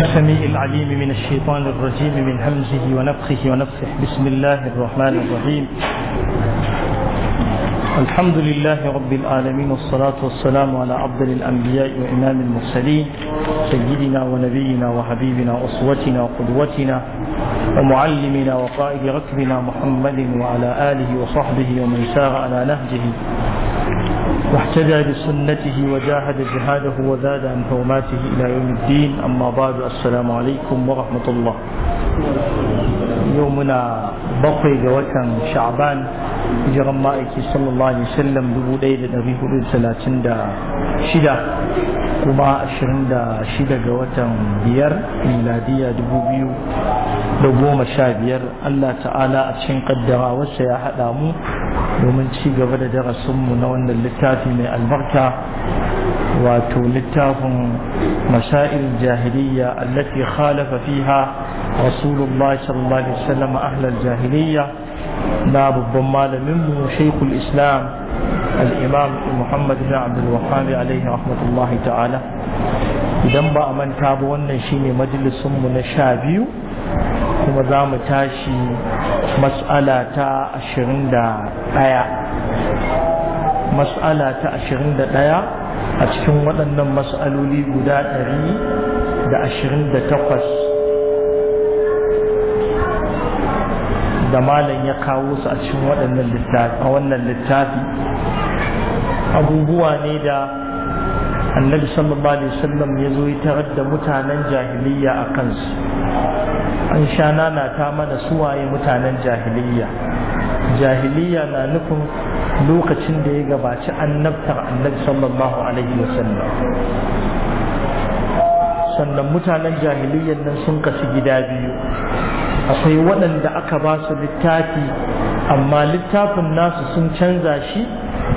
السميع العليم من الشيطان الرجيم من همزه ونفخه ونفخه بسم الله الرحمن الرحيم الحمد لله رب العالمين والصلاة والسلام على عبد الأنبياء وإمام المرسلين سيدنا ونبينا وحبيبنا أسوتنا وقدوتنا ومعلمنا وقائد ركبنا محمد وعلى آله وصحبه ومن سار على نهجه واحتجى بسنته وجاهد جهاده وزاد عن حرماته إلى يوم الدين أما بعد السلام عليكم ورحمة الله يومنا بقي جوة شعبان hijiran ma'aiki sallallahu alaihi wasallam shida kuma ashirin da shida ga watan biyar miladiya biyar Allah ta'ala a cikin kaddara wasa ya haɗa mu domin ci gaba da darasinmu na wannan littafi mai albarka wato littafin masail jahiliya allati khalafa fiha rasulullah sallallahu alaihi wasallam ahlal jahiliya na babban malaminmu shaikul islam al'imam muhammad bin abdul wahabi alaihi rahmatullahi ta'ala idan ba a manta ba wannan shine majalisunmu na sha biyu kuma za mu tashi mas'ala ta ashirin da ɗaya mas'ala ta ashirin da ɗaya a cikin waɗannan mas'aloli guda ɗari da ashirin da takwas da malam ya kawo su a cikin waɗannan littafi a wannan littafi abubuwa ne da annabi sallallahu alaihi wasallam ya zo ya tarar da mutanen jahiliya a kansu an sha ta mana suwaye mutanen jahiliya jahiliya na nufin lokacin da ya gabaci annabtar annabi sallallahu alaihi wasallam sannan mutanen jahiliyyar nan sun kasu gida biyu akwai waɗanda aka ba su littafi amma littafin nasu sun canza shi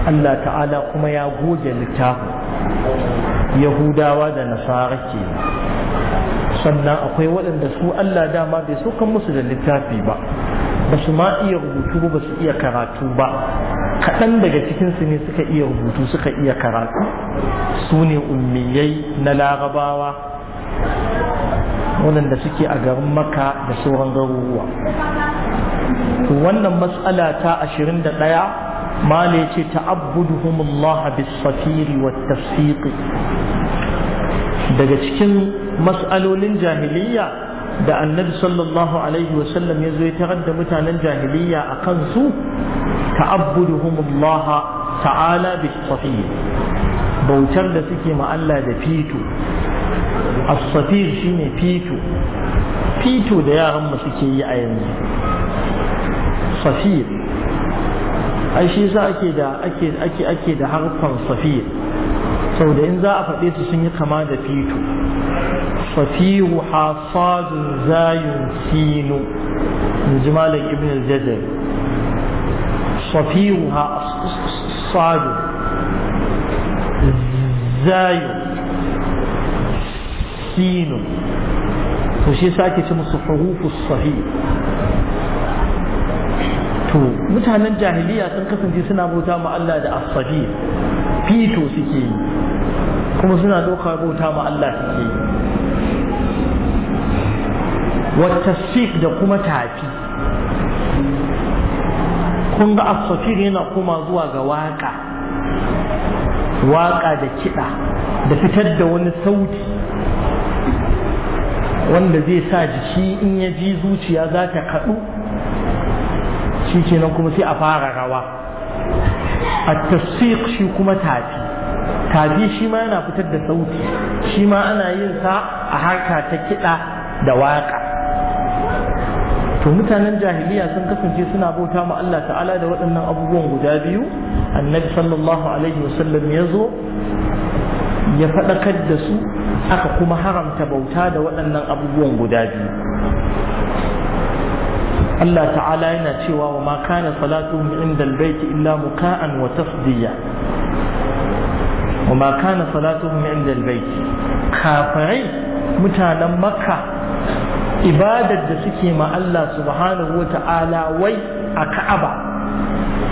Allah ta'ala kuma ya goge littafin yahudawa da nasara ke sannan akwai waɗanda su Allah dama bai saukan musu da littafi ba ba su ma iya rubutu ba su iya karatu ba kaɗan daga cikinsu ne suka iya rubutu suka iya karatu su ne ummiyai na larabawa waɗanda suke a garin maka da sauran garuruwa wannan matsala ta ɗaya, mala ce ta'abbuduhumullah bis-safiri wa tasfiq daga cikin mas'alolin jahiliya da annabi sallallahu alaihi wasallam ya zo ya tarar da mutanen jahiliya a kansu ta'abbuduhumullah ta'ala bis-safir bautar da suke ma Allah da fito الصفير شيني فيتو فيتو ده يا رمى سكي يا عين صفير أي شيء ذا أكيد أكيد أكيد أكيد حرفا صفير سو ده إن ذا سنة كمان ده بيتو صفير حصاد زاي سينو من جمال ابن الجدل صفيرها صاد زاي sinun to shi sake ci musu hurufus sahih to mutanen jahiliya sun kasance suna bauta ma Allah da asafi fito suke kuma suna ɗaukar bauta ma Allah suke yi da kuma tafi kun ga asafir yana kuma zuwa ga waka waka da kiɗa da fitar da wani sauti wanda zai sa jiki in ya ji zuciya za ta kaɗu shi kenan kuma sai a fara rawa a tafsir shi kuma tafi tafi shi ma yana fitar da sauti shi ma ana yin sa a harka ta kiɗa da waƙa to mutanen jahiliya sun kasance suna bauta ma Allah ta'ala da waɗannan abubuwan guda biyu annabi sallallahu alaihi wasallam ya zo ya faɗakar da su aka kuma haramta bauta da waɗannan abubuwan guda biyu Allah ta'ala yana cewa wa ma kana salatuhum inda albayti illa muka'an wa tasdiya wa ma kana salatuhum inda albayti kafirai mutanen makka ibadar da suke ma Allah subhanahu wa ta'ala wai a ka'aba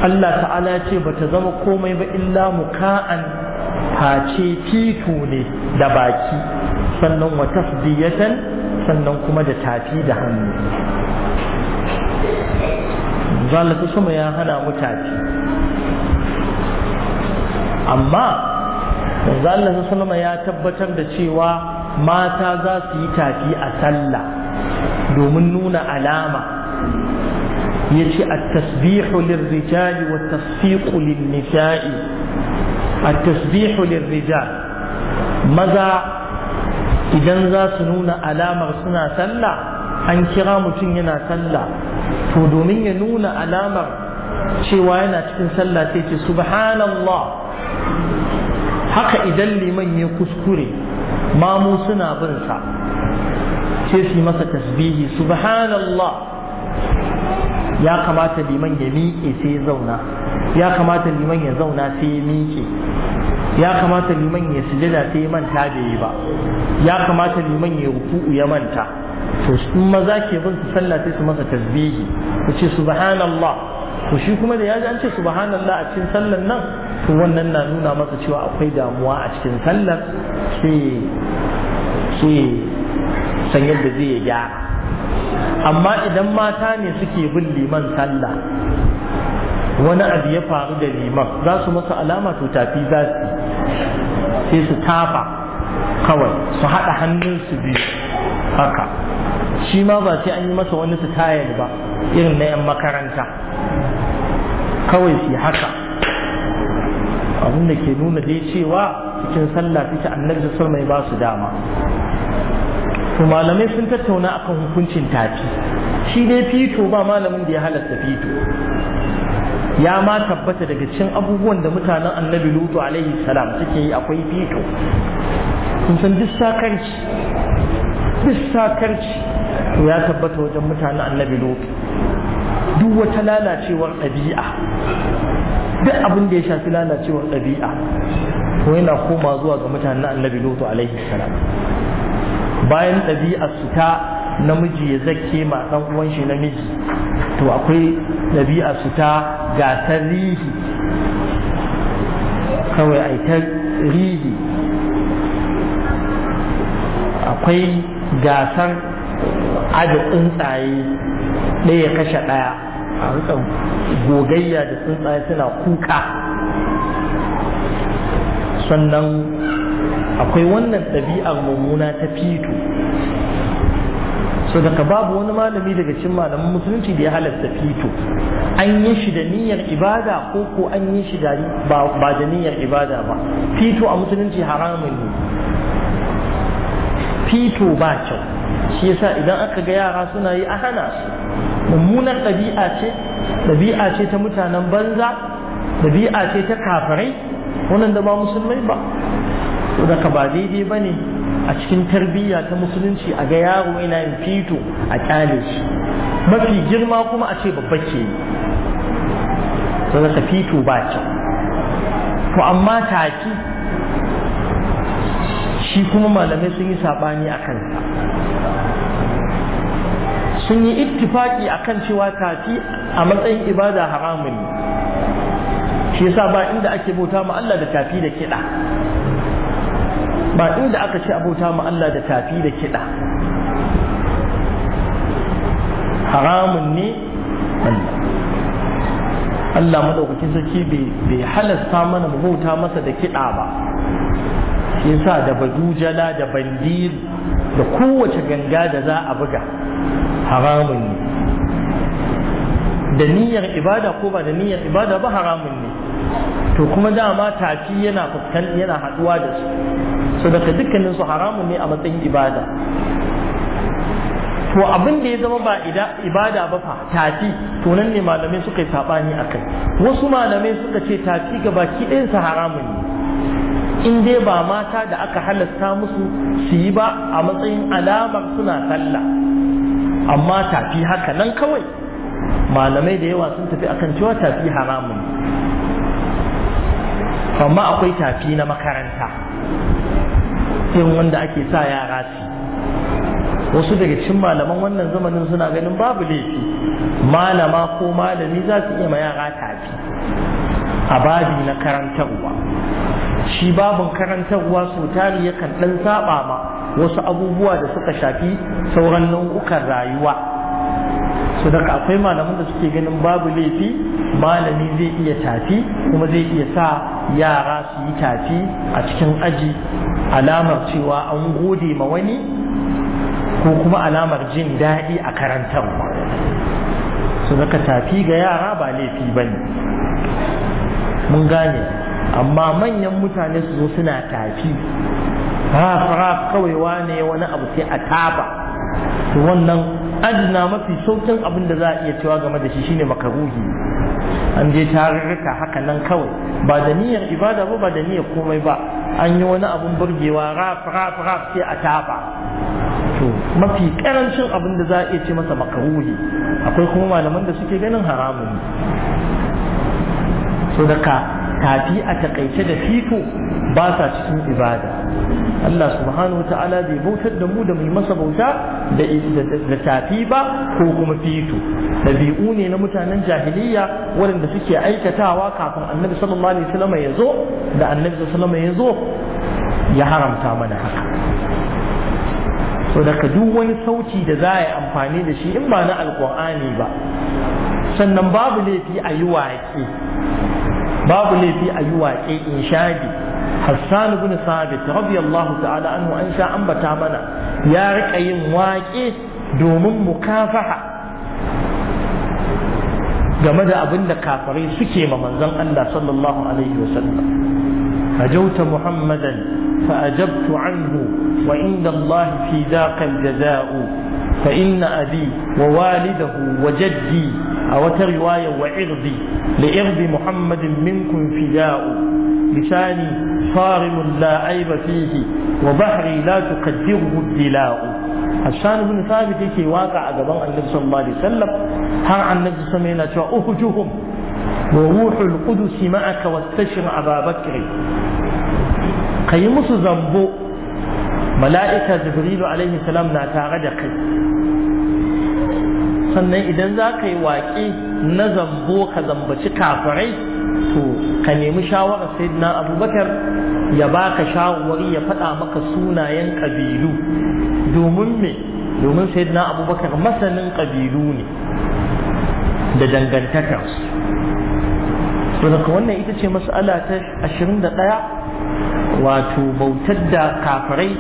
Allah ta'ala ce bata zama komai ba illa muka'an face fitu ne da baki sannan wa tasdiyatan sannan kuma da tafi da hannu zalata sama ya hana mu tafi amma zalata sama ya tabbatar da cewa mata za su yi tafi a sallah domin nuna alama ya ce a tasbihu lirrijali wa tasfiqu lin nisa'i A التسبيح للرجال maza idan zasu nuna alamar suna sallah an kira mutum yana sallah to domin ya nuna alamar cewa yana cikin sallah sai ce subhanallah haka idan liman ya kuskure mamu suna bin sa sai masa tasbihi subhanallah ya kamata liman ya miƙe sai ya zauna ya kamata liman ya zauna sai ya miƙe ya kamata liman ya sujada sai ya manta da yi ba ya kamata liman ya ruku'u ya manta to su maza ke bin su sallah sai su masa tasbihi ku ce subhanallah to shi kuma da ya an ce subhanallah a cikin sallar nan to wannan na nuna masa cewa akwai damuwa a cikin sallar sai sai san yadda zai ya gyara amma idan mata ne suke bin liman sallah wani abu ya faru da liman za su masa alama to tafi za su sai su tafa kawai su haɗa hannun su biyu haka shi ma ba sai an yi masa wani su tayar ba irin na 'yan makaranta kawai su haka abinda ke nuna dai cewa cikin sallah fita annabi sun mai ba su dama to malamai sun tattauna akan hukuncin tafi shi dai fito ba malamin da ya halasta fito ya ma tabbata daga cin abubuwan da mutanen annabi lutu alaihi salam suke yi akwai fito kun san duk sakarci duk sakarci to ya tabbata wajen mutanen annabi lutu duk wata lalacewar ɗabi'a duk abin da ya shafi lalacewar ɗabi'a to yana koma zuwa ga mutanen annabi lutu alaihi salam bayan ɗabi'ar su ta namiji ya zakke ma dan uwan shi namiji to akwai ɗabi'a su ta gasar tarihi kawai ai ta rihi akwai gasar ada tsuntsaye ɗaya kashe ɗaya a rikon gogayya da tsuntsaye suna kuka sannan akwai wannan ɗabi'ar mummuna ta fito so daga babu wani malami daga cikin malaman musulunci da ya halatta fito an yi shi da niyyar ibada ko ko an yi shi da ba da niyyar ibada ba fito a musulunci haramun ne fito ba kyau shi yasa idan aka ga yara suna yi a hana su mummunar ɗabi'a ce ɗabi'a ce ta mutanen banza ɗabi'a ce ta kafirai wannan da ba musulmai ba saboda ka ba daidai ba ne a cikin tarbiyya ta musulunci a ga yaro yana yin fito a kyale shi mafi girma kuma a ce babba ke yi to ka fito ba ce to amma taki shi kuma malamai sun yi saɓani a kansa sun yi ittifaki a kan cewa tafi a matsayin ibada haramun ne shi yasa ba inda ake bauta ma Allah da tafi da kiɗa ba inda aka ce abota mu Allah da tafi da kiɗa haramun ne Allah madaukakin sarki bai halasta mana mu bauta masa da kiɗa ba yasa da badujala da bandir da kowace ganga da za a buga haramun ne da niyyar ibada ko ba da niyyar ibada ba haramun ne to kuma dama tafi yana fuskan yana haɗuwa da su so daga dukkanin su haramun ne a matsayin ibada to abin da ya zama ba ibada ba fa tafi to nan ne malamai suka yi sabani akai wasu malamai suka ce tafi ga baki ɗayan sa haramun ne in dai ba mata da aka halasta musu su yi ba a matsayin alamar suna sallah amma tafi haka nan kawai malamai da yawa sun tafi akan cewa tafi haramun amma akwai tafi na makaranta irin wanda ake sa yara su wasu daga cikin malaman wannan zamanin suna ganin babu laifi malama ko malami za su iya ma yara tafi a babi na karantarwa shi babin karantarwa sau tari yakan ɗan saba ma wasu abubuwa da suka shafi sauran nau'ukan rayuwa su daga akwai malamin da suke ganin babu laifi malami zai iya tafi kuma zai iya sa yara su yi tafi a cikin aji alamar cewa an gode ma wani ko kuma alamar jin daɗi a karantar su zaka tafi ga yara ba laifi ba ne mun gane amma manyan mutane su zo suna tafi raf kawai wane wani abu sai a taba to wannan adina mafi saukin abin da za a iya cewa game da shi shine makaruhi an je tarurruka haka nan kawai ba da niyyar ibada ba ba da niyyar komai ba an yi wani abin burgewa raf raf raf sai a tafa to mafi karancin abin da za a iya ce masa makaruhi akwai kuma malaman da suke ganin haramun so daga tafi a takaice da fito ba sa cikin ibada Allah subhanahu wa ta'ala bai bautar da mu da mai masa bauta da tafi ba ko kuma fito ɗabi'u ne na mutanen jahiliya waɗanda suke aikatawa kafin annabi sallallahu alaihi wasallam ya zo da annabi sallallahu alaihi wasallam ya zo ya haramta mana haka so daga duk wani sauti da za a yi amfani da shi in ba na alkur'ani ba sannan babu laifi a yi wake babu laifi a yi waƙe in shadi hassan ibn sabit radiyallahu ta'ala anhu an sha ambata mana ya rika yin waƙe domin mukafaha game da abin da kafirai suke ma manzon Allah sallallahu alaihi wasallam أجوت محمدا فأجبت عنه وعند الله في ذاك الجزاء فإن أبي ووالده وجدي أو رواية وإرضي لإرض محمد منكم فداء لساني صارم لا عيب فيه وبحري لا تقدره الدلاء حسان بن ثابت في واقع أقبان النبي صلى الله عليه وسلم ها عن النبي صلى الله عليه وسلم أهجهم وروح القدس معك واستشر أبا بكر قيمص ذنبه mala'ika jibrilu alaihi salam na tare da kai sannan idan za ka yi waƙe na zambo ka zambaci kafirai to ka nemi shawarar sayyidina abubakar ya baka shawarwari ya faɗa maka sunayen ƙabilu domin me domin sayyidina abubakar masanin ƙabilu ne da dangantakar to daga wannan ita ce mas'ala ta 21 wato bautar da kafirai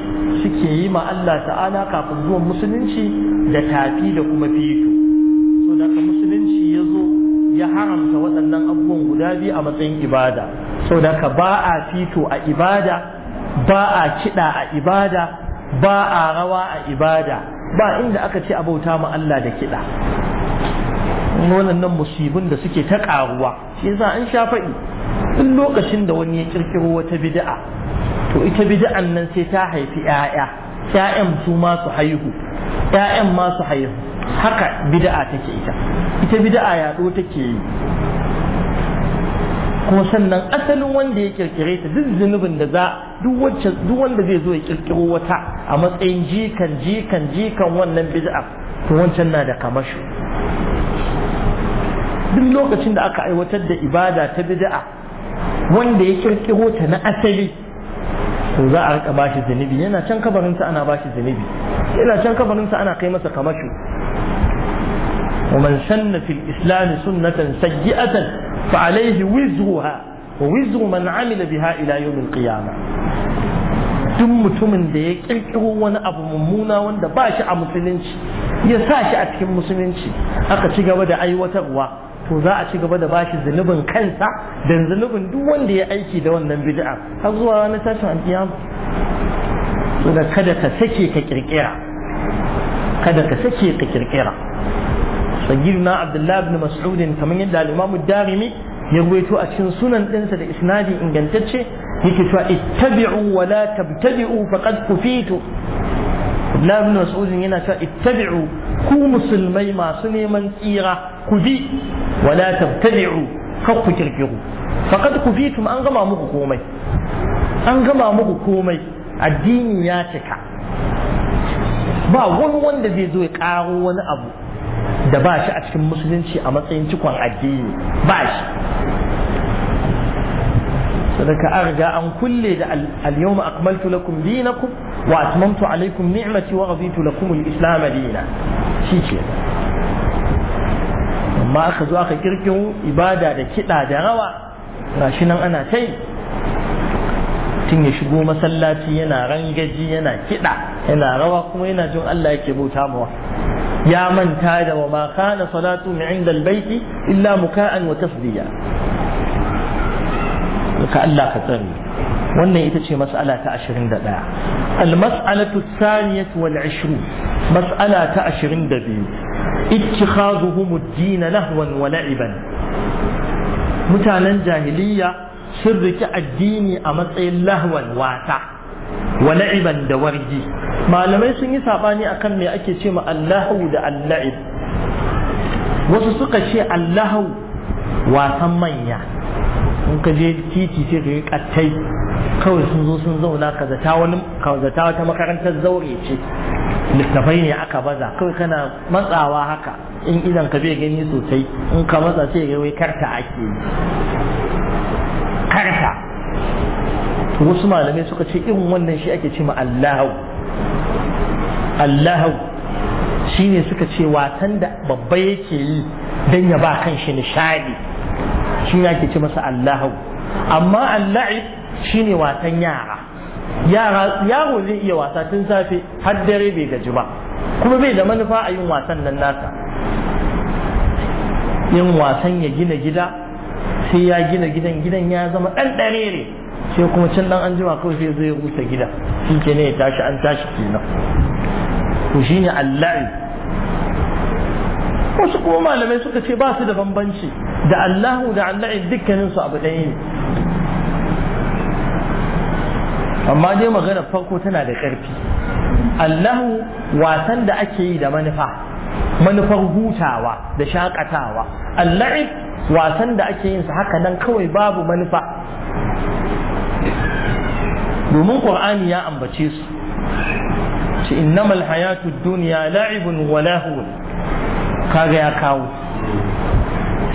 suke yi ma Allah ta'ala kafin zuwan musulunci da tafi da kuma fito so daga musulunci ya zo ya haramta waɗannan abubuwan guda biyu a matsayin ibada so daga ba a fito a ibada ba a kiɗa a ibada ba a rawa a ibada ba inda aka ce a bauta ma Allah da kiɗa waɗannan musibin da suke ta ƙaruwa shi yasa an sha faɗi duk lokacin da wani ya kirkiro wata bid'a to ita bid'an nan sai ta haifi ƴaƴa ƴaƴan su ma su haihu ƴaƴan ma su haihu haka bid'a take ita ita bid'a yaɗo take yi kuma sannan asalin wanda ya kirkire ta duk zunubin da za duk wanda zai zo ya kirkiro wata a matsayin jikan jikan jikan wannan bid'a to wancan na da kamashi duk lokacin da aka aiwatar da ibada ta bid'a wanda ya kirkiro ta na asali to za a rika bashi zunubi yana can kabarin sa ana bashi zunubi yana can kabarin sa ana kai masa kamashu wa man kamasho ومن سن في الإسلام سنة سيئة فعليه وزرها ووزر من عمل بها إلى يوم القيامة duk mutumin da ya kirkiro wani abu mummuna wanda ba shi a musulunci ya sa shi a cikin musulunci aka ci gaba da aiwatarwa to za a ci gaba da bashi zunubin kansa da zunubin duk wanda ya aiki da wannan bid'a har zuwa ranar tashin alkiyama to da kada ka sake ka kirkira kada ka sake ka kirkira na abdullahi ibn mas'ud kamar yadda al-imam ad-darimi ya ruwaito a cikin sunan ɗinsa da isnadi ingantacce yake cewa ittabi'u wa la tabtadi'u faqad kufitu Abdullahi ibn Mas'ud yana cewa ittabi'u ku musulmai masu neman tsira ku bi wala tabtadi'u kar ku kirkiru faqad kufitum an gama muku komai an gama muku komai addini ya cika ba wani wanda zai zo ya karo wani abu da ba shi a cikin musulunci a matsayin cikon addini ba shi sadaka an riga an kulle da al-yawma akmaltu lakum dinakum wa atmamtu alaykum ni'mati wa raditu lakum al-islam dinan shi ke amma aka zo aka kirkin ibada da kiɗa da rawa gashi nan ana ta yi tun ya shigo masallaci yana rangaji yana kiɗa yana rawa kuma yana jin Allah yake bauta mawa ya manta da wa ma kana salatu min inda albayti illa muka'an wa tasdiya ka Allah ka tsare wannan ita ce mas'ala ta 21 al-mas'alatu thaniyatu wal 20 mas'ala ta 22 ittikhazuhum ad-din lahwan wa la'iban mutanen jahiliya sun riki addini a matsayin lahwan wata wa la'iban da wargi malamai sun yi sabani akan me ake ce ma allahu da al-la'ib wasu suka ce allahu wasan manya in ka je titi sai ka yi kattai kawai sun zo sun zauna ka zata wani ka zata wata makarantar zaure ce littafai ne aka baza kawai kana matsawa haka in idan ka bai gani sosai in ka matsa sai ga wai karta ake yi karta wasu malamai suka ce irin wannan shi ake ce ma allahu allahu shine suka ce wasan da babba yake yi dan ya ba kan shi nishadi shi ake ce masa allahu amma allahi shine wasan yara yara yaro zai iya wasa tun safe har dare bai gaji ba kuma bai da manufa a yin wasan nan nasa yin wasan ya gina gida sai ya gina gidan gidan ya zama ɗan ne. sai kuma can ɗan anjima jima kawai sai zai rusa gida shi ke ne ya tashi an tashi kenan to ne alla'i wasu kuma malamai suka ce ba su da bambanci da Allahu da Allah dukkaninsu abu ɗaya ne amma dai magana farko tana da ƙarfi allahu wasan da ake yi da manufa manufar hutawa da shakatawa allahi wasan da ake yin sa haka nan kawai babu manufa domin qur'ani ya ambace su ce innamal hayatu dunya la'ibun wa lahun kaga ya kawo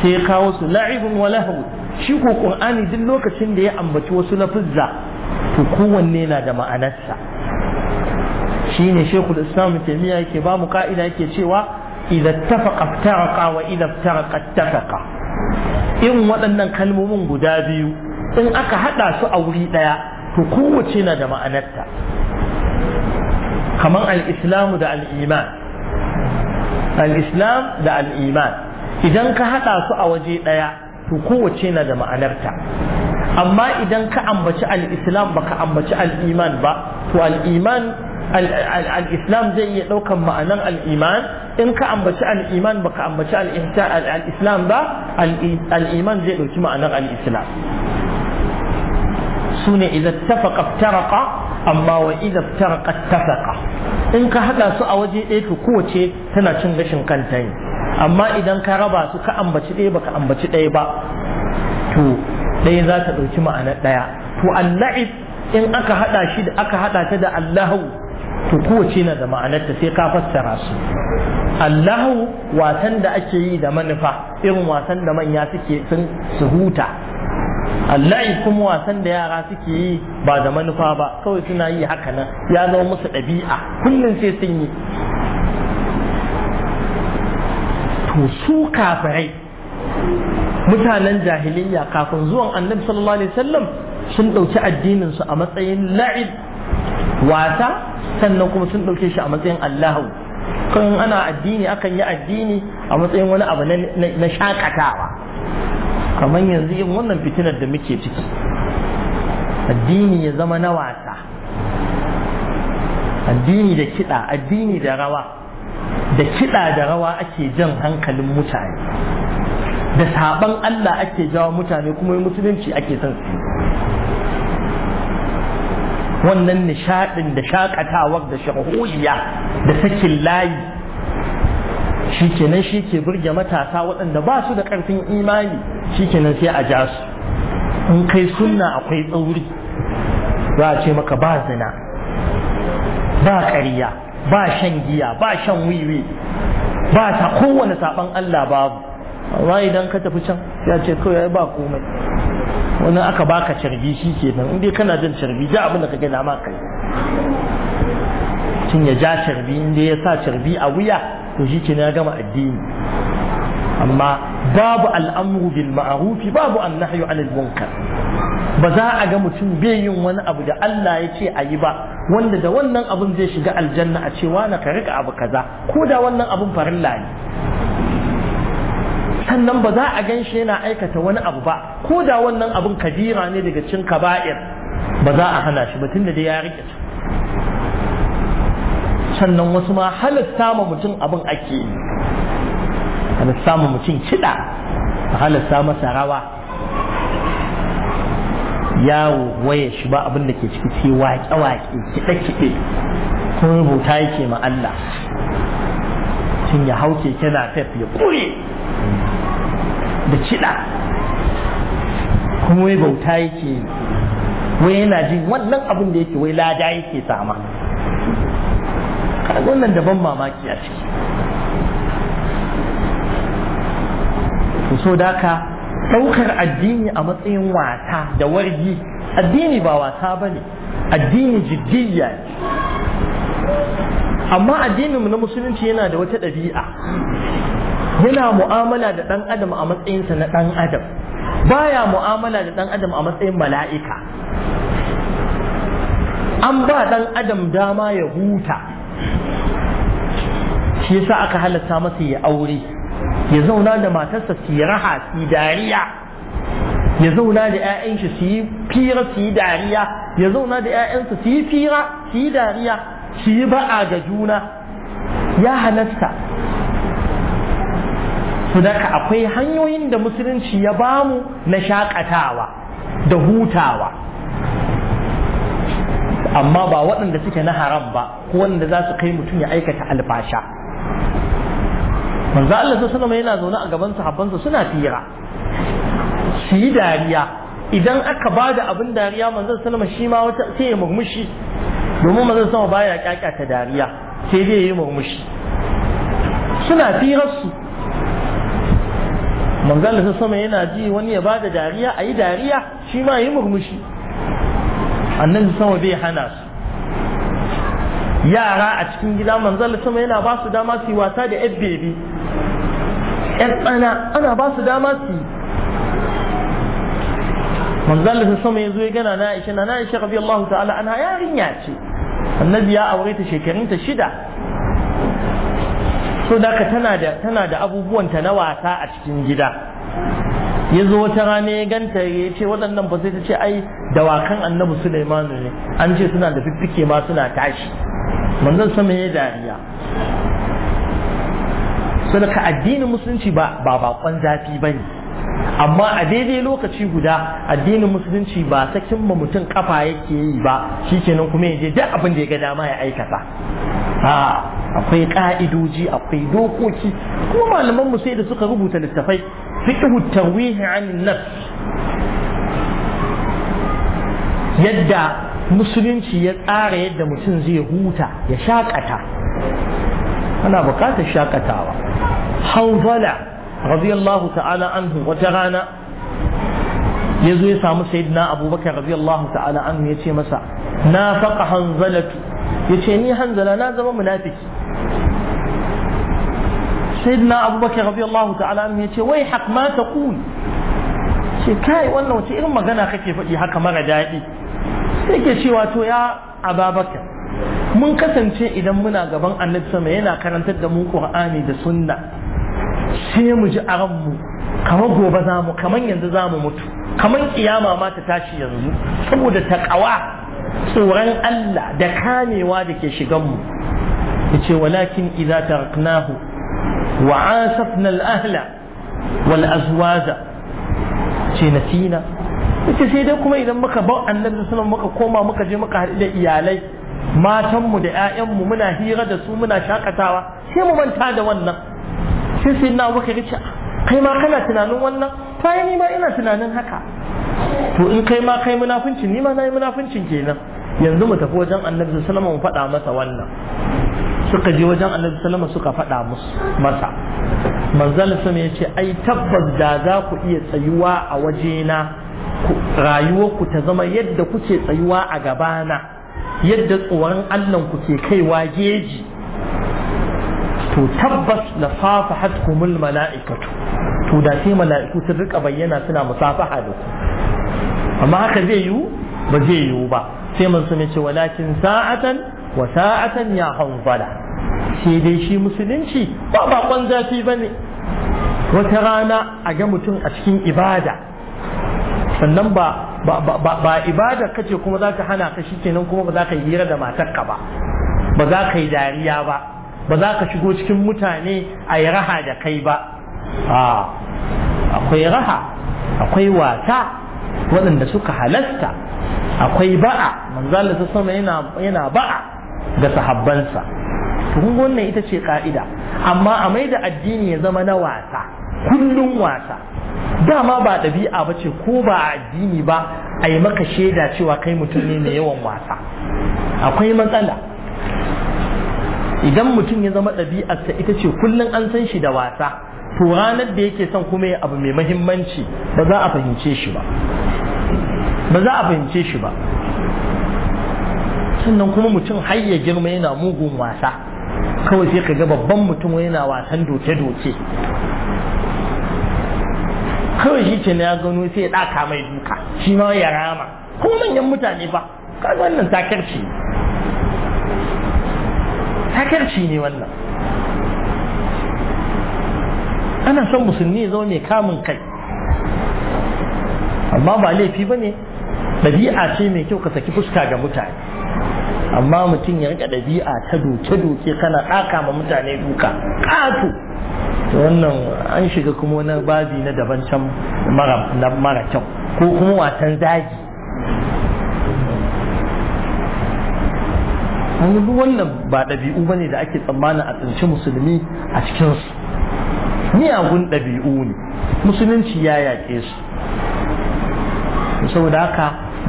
sai ya kawo su la'ibun wa lahun shi ko qur'ani duk lokacin da ya ambaci wasu lafuzza to kowanne na da ma'anarsa shine shekul islam taimiyya yake ba mu ka'ida yake cewa idan tafaka taraka wa idan taraka tafaka in waɗannan kalmomin guda biyu in aka haɗa su a wuri ɗaya to kowace na da ma'anarta kamar al'islamu da al'iman al'islam da al'iman idan ka haɗa su a waje ɗaya to kowace na da ma'anarta amma idan ka ambaci al'islam ba ka ambaci al'iman ba to al'iman al'islam zai iya ɗaukan ma'anan al'iman in ka ambaci al'iman ba ka ambaci al-islam ba al'iman zai ɗauki ma'anan al'islam. islam sune idan tafaqa taraka amma wa idan taraka tafaqa in ka haɗa su a waje ɗaya to kowace tana cin gashin kanta ne amma idan ka raba su ka ambaci ɗaya ka ambaci ɗaya ba to ɗaya za ta ɗauki ma'anar ɗaya to al in aka haɗa shi da aka haɗa ta da allahu to kowace na da ma'anarta sai ka fassara su allahu wasan da ake yi da manufa irin wasan da manya suke sun su huta allahi kuma wasan da yara suke yi ba da manufa ba kawai suna yi haka nan ya zama musu ɗabi'a kullum sai sun yi to su kafirai mutanen jahiliya kafin zuwan annabi sallallahu alaihi wasallam sun ɗauki addinin su a matsayin la'id wasa sannan kuma sun ɗauke shi a matsayin allahu kan ana addini akan yi addini a matsayin wani abu na shakatawa kamar yanzu yin wannan fitinar da muke ciki addini ya zama na wasa addini da kiɗa addini da rawa da kiɗa da rawa ake jan hankalin mutane da saban Allah ake jawo mutane kuma musulunci ake son su wannan nishadin da shakatawar da sharhoyiya da sakin layi shi kenan shi ke burge matasa waɗanda ba su da ƙarfin imani shi kenan sai a ja su in kai sunna akwai tsauri za a ce maka ba zina ba ƙarya ba shan giya ba shan wiwi ba ta kowane saban Allah babu amma idan ka tafi can ya ce kawai ba komai wani aka baka carbi shi ke nan inda kana jin carbi ja abin da gina ma kai tun ya ja carbi inda ya sa carbi a wuya to shi ke ya gama addini amma babu al'amuru bil ma'arufi babu an annahyu anil munkar ba za a ga mutum bai yin wani abu da Allah ya ce a yi ba wanda da wannan abun zai shiga aljanna a cewa na ka rika abu kaza ko da wannan abun farilla ne sannan ba za a ganshi yana aikata wani abu ba ko da wannan abun kabira ne daga cin kaba'ir ba za a hana shi ba tun da ya rike sannan wasu ma halasta ma mutum abin ake yi halatta ma mutum kiɗa halasta masa rawa yawo waye shi ba abin da ke ciki sai waƙe-waƙe kiɗe-kiɗe ko rubuta yake ma Allah tun ya hau keke na tef ya ƙure da kiɗa kuma wai bauta yake wai yana jin wannan abin da yake wai lada yake sama wannan daban mamaki a ciki so da ka ɗaukar addini a matsayin wata da wargi addini ba wata bane addini jiddiya ne amma addininmu na musulunci yana da wata ɗabi'a yana mu'amala da ɗan adam a matsayinsa na ɗan adam baya mu'amala da ɗan adam a matsayin mala'ika an ba ɗan adam dama ya huta shi yasa aka halatta masa ya aure ya zauna da matarsa su yi raha su yi dariya ya zauna da 'ya'yan su yi fira su yi dariya ya zauna da 'ya'yansa su yi fira su yi dariya su yi ba'a ga juna ya halatta sadaka akwai hanyoyin da musulunci ya bamu na shakatawa da hutawa amma ba waɗanda suke na haram ba ko wanda za su kai mutum ya aikata alfasha manzo Allah sallallahu yana zaune a gaban sahabbansa suna fira su yi dariya idan aka ba da abin dariya manzo sallama shi ma wata sai ya murmushi domin manzo sallama baya kyakya dariya sai dai ya yi murmushi suna firar su manzala ta sama yana ji wani ya bada dariya a yi dariya shi ma yi murmushi annan sama bai hana su yara a cikin gida manzala sama yana ba su dama su yi wasa da yan bebi yan tsana ana ba su dama su yi manzala ta sama ya zo ya gana na aisha na aisha rabiyallahu ta'ala ana yarinya ce annabi ya aure ta shekarunta shida so daga tana da tana da abubuwanta na wasa a cikin gida ya zo wata rana ya ganta ya ce waɗannan ba sai ta ce ai dawakan annabi Suleimanu ne an ce suna da fiffike ma suna tashi manzon sama ya dariya saboda addinin musulunci ba ba bakon zafi bane amma a daidai lokaci guda addinin musulunci ba sakin ba mutum kafa yake yi ba shi kenan kuma ya je duk abin da ya ga dama ya aikata a akwai ka'idoji akwai dokoki kuma malaman mu sai da suka rubuta littafai fiqhu tawih an nafs yadda musulunci ya tsara yadda mutum zai huta ya shakata ana bukatar shakatawa hanzala radiyallahu ta'ala anhu wata rana ya zo ya samu sayyidina abubakar radiyallahu ta'ala anhu ya ce masa na faqa hanzalatu ya ce ni hanzala na zama munafiki sayyidina abubakar radiyallahu ta'ala anhu ya ce wai haq ma taqul ce kai wannan wace irin magana kake faɗi haka mara daɗi sai ke cewa to ya ababakar mun kasance idan muna gaban annabi sama yana karantar da mu qur'ani da sunna sai mu ji a ranmu kamar gobe za mu kamar yanzu za mu mutu kamar kiyama ma ta tashi yanzu saboda taƙawa tsoron Allah da kamewa da ke shigan mu yace walakin idza taraknahu wa asafna al-ahla wal azwaja ce nasina yace sai dai kuma idan muka bar annabi sunan muka koma muka je muka haɗu da iyalai matanmu da 'ya'yanmu muna hira da su muna shakatawa sai mu manta da wannan sai sai na baka ce kai ma kana tunanin wannan ta yi ma ina tunanin haka to in kai ma kai munafincin ni ma na yi munafincin kenan yanzu mu tafi wajen annabi sallama mu faɗa masa wannan suka je wajen annabi sallama suka faɗa musu masa manzal sama ya ce ai tabbas da za ku iya tsayuwa a wajena rayuwarku ta zama yadda kuke tsayuwa a gabana yadda tsoron allah ku ke kaiwa geji to tabbas la safahatkumul mala'ikatu to da sai mala'iku sun rika bayyana suna musafaha da ku amma haka zai yiwu ba zai yiwu ba sai mun sun ce walakin sa'atan wa sa'atan ya hanzala sai dai shi musulunci ba bakon zafi ne. wata rana a ga mutum a cikin ibada sannan ba ba ibada kace kuma za ka hana ka shi kenan kuma ba za ka yi hira da matarka ba ba za ka yi dariya ba ba za ka shigo cikin mutane a yi raha da kai ba akwai raha akwai wata waɗanda suka halasta akwai ba'a manzala ta sama yana ba'a ga sahabbansa kun wannan ita ce ka'ida amma a da addini ya zama na wasa kullum wasa dama ba ɗabi'a ba ce ko ba addini ba a yi maka shaida cewa kai mutum ne mai yawan wasa akwai matsala idan mutum ya zama ɗabi'arsa ita ce kullum an san shi da wasa to ranar da yake son kuma ya abu mai mahimmanci ba za a fahimce shi ba ba za a fahimce shi ba sannan kuma mutum har ya girma yana mugun wasa kawai sai ka ga babban mutum yana wasan doke-doke kawai shi ce na ya gano sai ya ɗaka mai duka shi ma ya rama ko manyan mutane ba kaga wannan takarci sakarci ne wannan ana son musulmi zo mai kamun kai amma ba laifi ba ne ɗabi'a ce mai kyau ka saki fuska ga mutane amma mutum ya rika ɗabi'a ta doke-doke kana ɗaka ma mutane duka ƙato wannan an shiga kuma wani babi na daban can mara kyau ko kuma watan zagi an duk wannan ba ɗabi'u bane da ake tsammanin a tsinci musulmi a cikinsu. su miyagun ɗabi'u ne musulunci ya yaƙe su saboda haka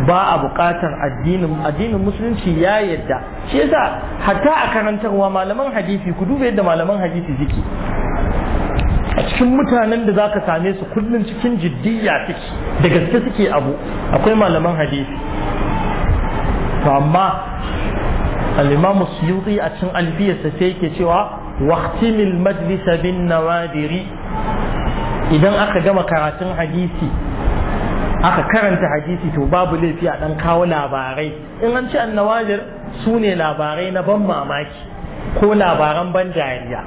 ba a buƙatar addinin addinin musulunci ya yadda shi yasa hatta a karantarwa malaman hadisi ku duba yadda malaman hadisi suke a cikin mutanen da zaka same su kullum cikin jiddiyya suke da gaske suke abu akwai malaman hadisi to amma al-imam a cikin alfiyarsa sai yake cewa waqtimil majlisa bin nawadiri idan aka gama karatun hadisi aka karanta hadisi to babu laifi a dan kawo labarai in an ce annawadir su ne labarai na ban mamaki ko labaran ban dariya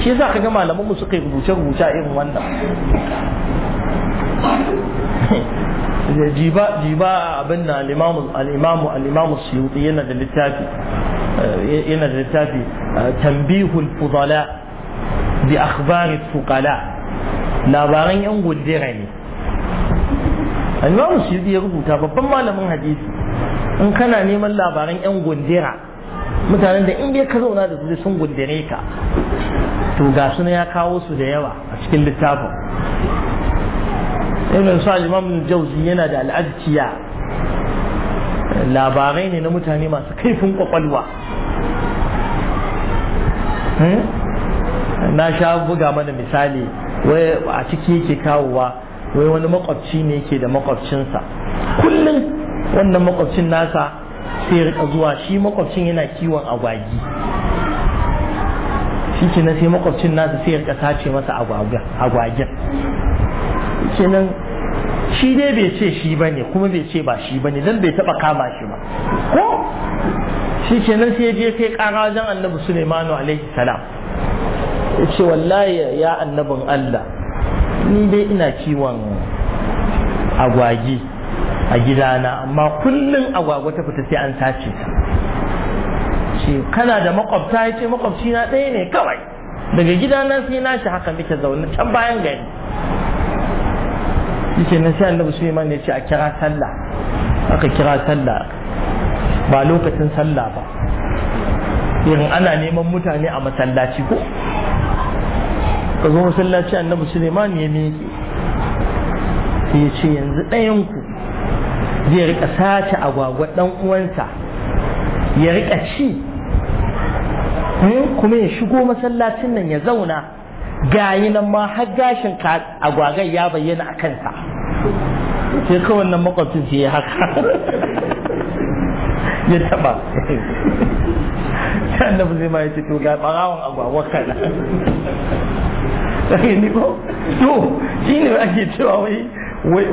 shi yasa ka ga malaman mu suka yi rubuce rubuce irin abin da yana da littafi yana da littafi eh, tambihul fudala bi akhbari fuqala labaran yan gundira ne al-imamu suyuti ya rubuta babban malamin hadisi in kana neman labaran yan gundira mutanen da in dai ka zauna da su sun gundire ka to ga suna ya kawo su da yawa a cikin littafin ibn sa'ad imam jauzi yana da al'adkiya labarai ne na mutane masu kaifin kwakwalwa Eh? na sha buga mana misali wai a ciki yake kawowa wai wani makwabci ne yake da makwabcinsa kullum wannan makwabcin nasa sai rika zuwa shi makwabcin yana kiwon agwagi shi ke sai makwabcin nasa sai rika sace masa agwagin kenan shi dai bai ce shi bane kuma bai ce ba shi bane dan bai taba kama shi ba ko shi nan sai je kai ƙara wajen annabi Sulaimanu alaihi salam ya ce wallahi ya annabin Allah ni dai ina kiwon agwagi a gidana amma kullum agwagwa ta fita sai an sace ta ce kana da makwabta ya ce makwabci na ɗaya ne kawai daga gidana sai na shi haka muke zaune can bayan gari ce na sai annabi Sulaiman ya ce a kira sallah aka kira sallah ba lokacin sallah ba irin ana neman mutane a masallaci ko ka zo masallaci annabi suleiman ya miƙe sai ya ce yanzu ɗayanku zai rika sace agwagwa ɗan uwansa ya rika ci hmm? kuma ya shigo masallacin nan ya zauna gayi nan ma har gashin agwagan ya bayyana a kansa sai kawai nan makwabcin ya haka ya taba sai annabi zai ma ya ce to ga barawan agwagwa kana sai ni ko to shi ne ake cewa wai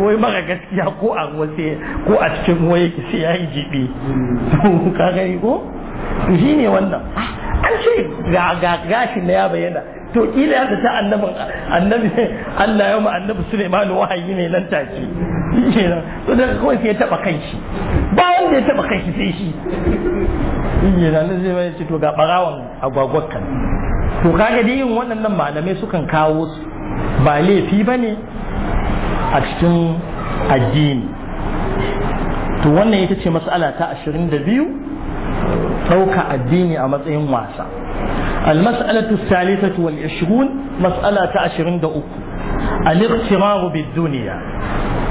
wai mara gaskiya ko a wasu ko a cikin waye sai ya yi jibi ka gani ko shi ne wannan ah, an ce ga gashi na ya bayyana to kila ya ta annabin annabi Allah ya mu annabi Sulaiman wahayi ne nan take ne to da kawai sai ya taba kai shi ba wanda ya taba kai shi sai shi kenan nan zai ya ce to ga barawan agwagwar kan to kaga dai yin waɗannan malamai sukan kawo su ba laifi bane a cikin addini to wannan ita ce mas'ala ta 22 ɗauka addini a matsayin wasa المسألة الثالثة والعشرون مسألة عشرين دقوق الاغترار بالدنيا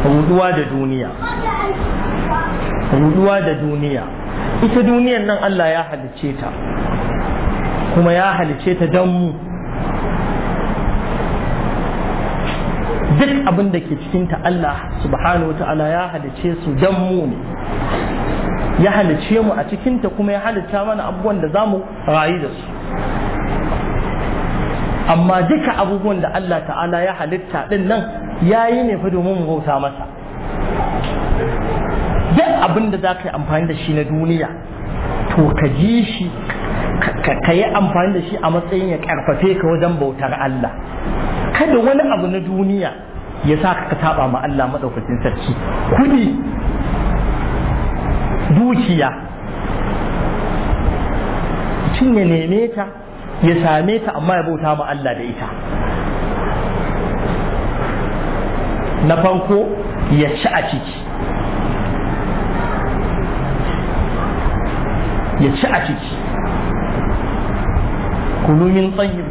رودوا دنيا رودوا دنيا ita duniyan nan Allah ya halicce kuma ya halicce mu duk abin da ke cikinta Allah subhanahu ta'ala ya halicce su don mu ne ya halice mu a cikinta kuma ya halitta mana abubuwan da za mu rayu da su amma duka abubuwan da Allah ta'ala ya halitta din nan ya yi ne fa domin mu bauta masa duk abin da za ka yi amfani da shi na duniya to ka ji shi ka yi amfani da shi a matsayin ya karfafe ka wajen bautar Allah kada wani abu na duniya ya sa ka taɓa ma Allah maɗaukacin sarki kuɗi dukiya mutum ya neme ta ya same ta amma ya bauta ma Allah da ita na farko ya ci a ciki ya ci a ciki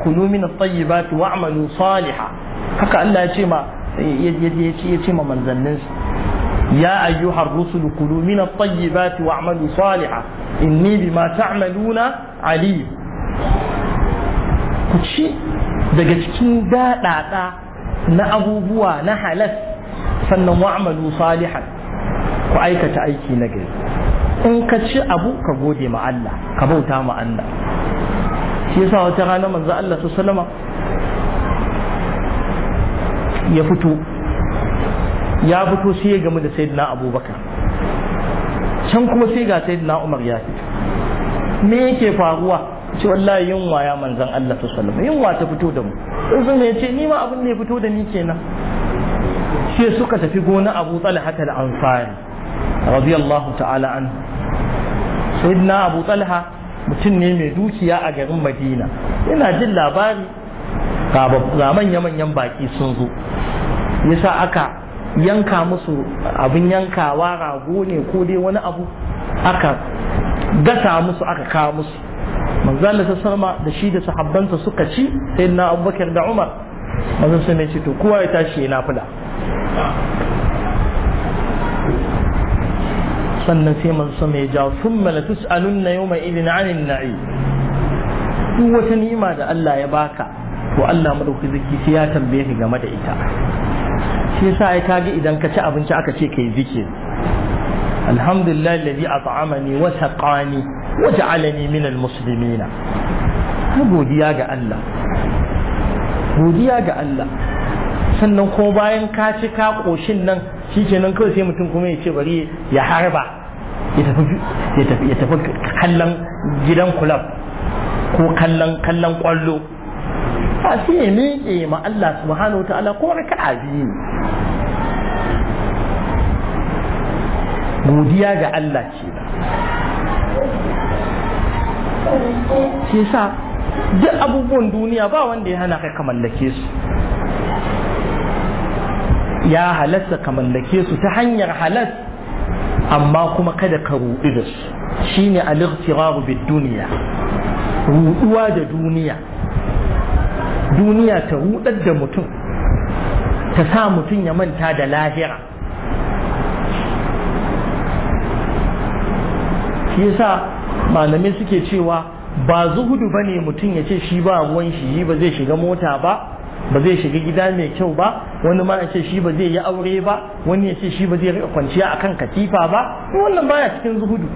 kulu min tayyibati wa'malu saliha haka Allah ya ce ma ya ce ma manzanninsa ya ayyuhar rusul kulu min tayyibati wa'malu saliha inni bima ta'maluna ali ku ci daga cikin daɗaɗa na abubuwa na halas sannan wa'amalu salihan ku aikata aiki na gari in ka ci abu ka gode ma Allah ka bauta ma Allah shi yasa wata rana manzo Allah su salama ya fito ya fito sai ya gamu da sayyidina Abubakar can kuma sai ga sayyidina Umar ya fito me yake faruwa ce wallahi yunwa ya manzan Allah ta sallama yunwa ta fito da mu sun ne ce ni ma abin da ya fito da ni kenan sai suka tafi gona Abu Talha da ansari radiyallahu ta'ala anhu sayyidina Abu Talha mutum ne mai dukiya a garin Madina Ina jin labari ga manya-manyan baki sun zo yasa aka yanka musu abin yankawa rago ne ko dai wani abu aka gasa musu aka kawo musu manzo ta sallama da shi da sahabbansa suka ci sai na abubakar da umar manzo sai ne ce to kowa ya tashi ya fada sannan sai manzo sai ya jawo thumma la tus'alunna yau mai idin anin na'i duk wata ni'ima da Allah ya baka to Allah madauki zaki sai ya tambaye ka game da ita shi yasa ai kage idan ka ci abinci aka ce kai zikiri الحمد لله الذي أطعمني وسقاني وجعلني من المسلمين godiya ga Allah godiya ga Allah sannan ko bayan ka ci ka koshin nan shi shikenan kawai sai mutum kuma ya ce bari ya harba ya tafi kallon gidan kulab ko kallon kallon kwallo a sai ya miƙe ma Allah subhanahu wa ta'ala ko raka'a biyu godiya ga Allah ce ke sa duk abubuwan duniya ba wanda ya hana kai ka mallake su ya halasta ka mallake su ta hanyar halas amma kuma kada ka ruɗu da su shine al bid duniya ruɗuwa da duniya duniya ta ruɗar da mutum ta sa mutum ya manta da lahira shi yasa malamai suke cewa ba zuhudu bane mutum ya ce shi ba ruwan shi ba zai shiga mota ba ba zai shiga gida mai kyau ba wani ma ce shi ba zai yi aure ba wani ya ce shi ba zai rika kwanciya akan katifa ba wannan baya cikin zuhudu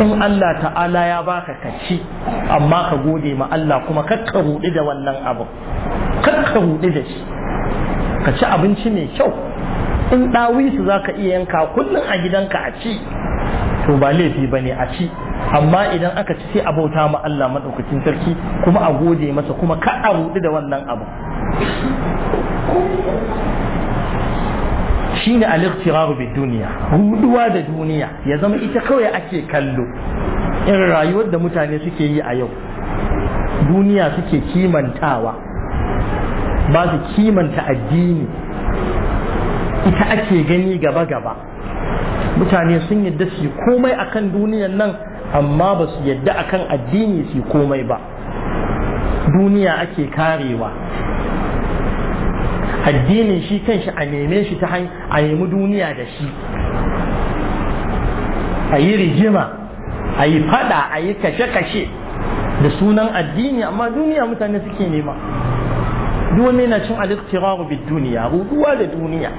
in Allah ta'ala ya baka kaci amma ka gode ma Allah kuma kakka rudi da wannan abu kakka rudi da shi ka ci abinci mai kyau in dawisu za ka iya yanka kullum a gidanka a ci to ba laifi bane a ci amma idan aka ci sai bauta ma Allah madaukakin sarki kuma a gode masa kuma ka a rudu da wannan abu shine al-iqtiraru bid duniya ruduwa da duniya ya zama ita kawai ake kallo in rayuwar da mutane suke yi a yau duniya suke kimantawa ba su kimanta addini ita ake gani gaba-gaba mutane sun yadda su komai a kan duniyan nan amma ba su yadda kan addini su komai ba duniya ake karewa addinin shi kanshi a neme shi ta a nemi duniya da shi a yi rigima a yi fada a yi kashe-kashe da sunan addini amma duniya mutane suke nema duk na cin alif duniya ruduwa da duniya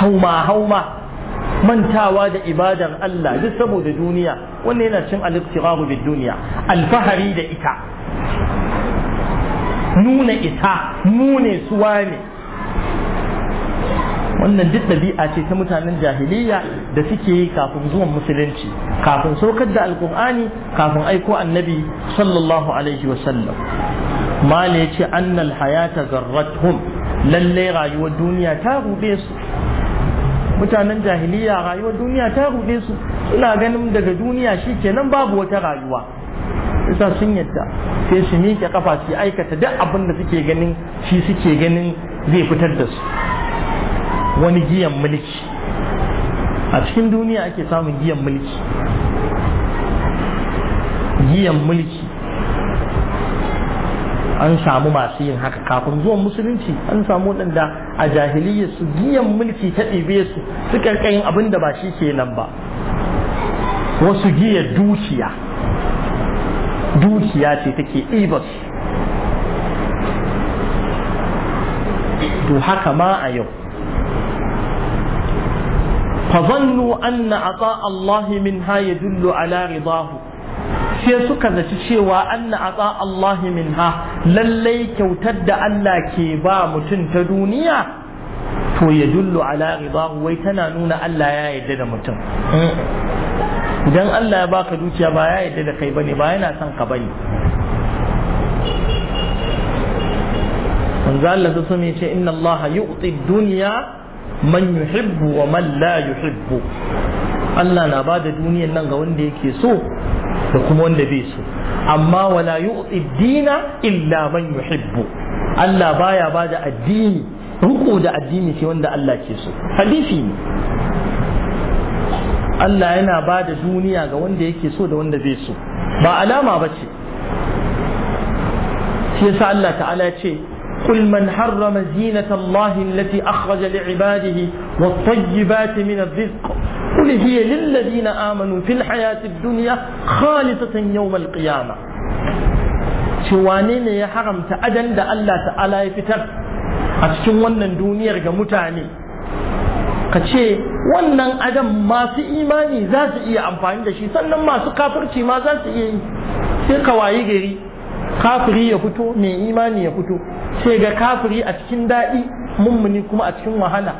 hauma hauma mantawa da ibadar Allah duk saboda duniya wannan yana cin al-iqtiraru bid duniya alfahari da ita nuna ita nune suwa ne wannan duk ɗabi'a ce ta mutanen jahiliya da suke yi kafin zuwan musulunci kafin saukar da alkur'ani kafin aiko annabi sallallahu alaihi wasallam mala ya ce annal hayata zarrathum lallai rayuwar duniya ta rube su mutanen jahiliya rayuwar duniya ta ruɗe su suna ganin daga duniya shi kenan babu wata rayuwa isa sun yadda sai su miƙe kafa su aikata duk abin da suke ganin shi suke ganin zai fitar da su wani giyan mulki a cikin duniya ake samun giyan mulki giyan mulki an samu masu yin haka kafin zuwan musulunci an samu waɗanda a jahiliya su giyan mulki ta ɗebe su su karkayin abin da ba shi nan ba wasu giya dukiya dukiya ce take ɗibar to haka ma a yau فظنوا أن عطاء الله منها يدل ala رضاه sai suka zaci cewa anna atsa Allah minha lallai kyautar da Allah ke ba mutum ta duniya to ya dullu ala ridahu wai tana nuna Allah ya yarda da mutum idan Allah ya baka dukiya ba ya yarda da kai bane ba yana son ka bane manzo Allah sai sun ce inna Allah yu'ti dunya man yuhibbu wa man la yuhibbu Allah na bada duniyar nan ga wanda yake so da kuma wanda bai so amma wala yu'ti dina illa man yuhibbu Allah baya ba da addini ruku da addini sai wanda Allah ke so hadisi ne Allah yana ba da duniya ga wanda yake so da wanda bai so ba alama ba ce shi yasa Allah ta'ala ce قل من حرم زينة الله التي أخرج لعباده والطيبات من الرزق قل هي للذين آمنوا في الحياة الدنيا خالصة يوم القيامة شوانين يا حرم تأدن دا الله تعالى يفتر أتشون ونن دنيا رجا متعني ka ce wannan adam masu imani za su iya amfani da shi sannan masu kafirci ma za su iya yi sai ka wayi gari kafiri ya fito mai imani ya fito sai ga kafiri a cikin daɗi mummuni kuma a cikin wahala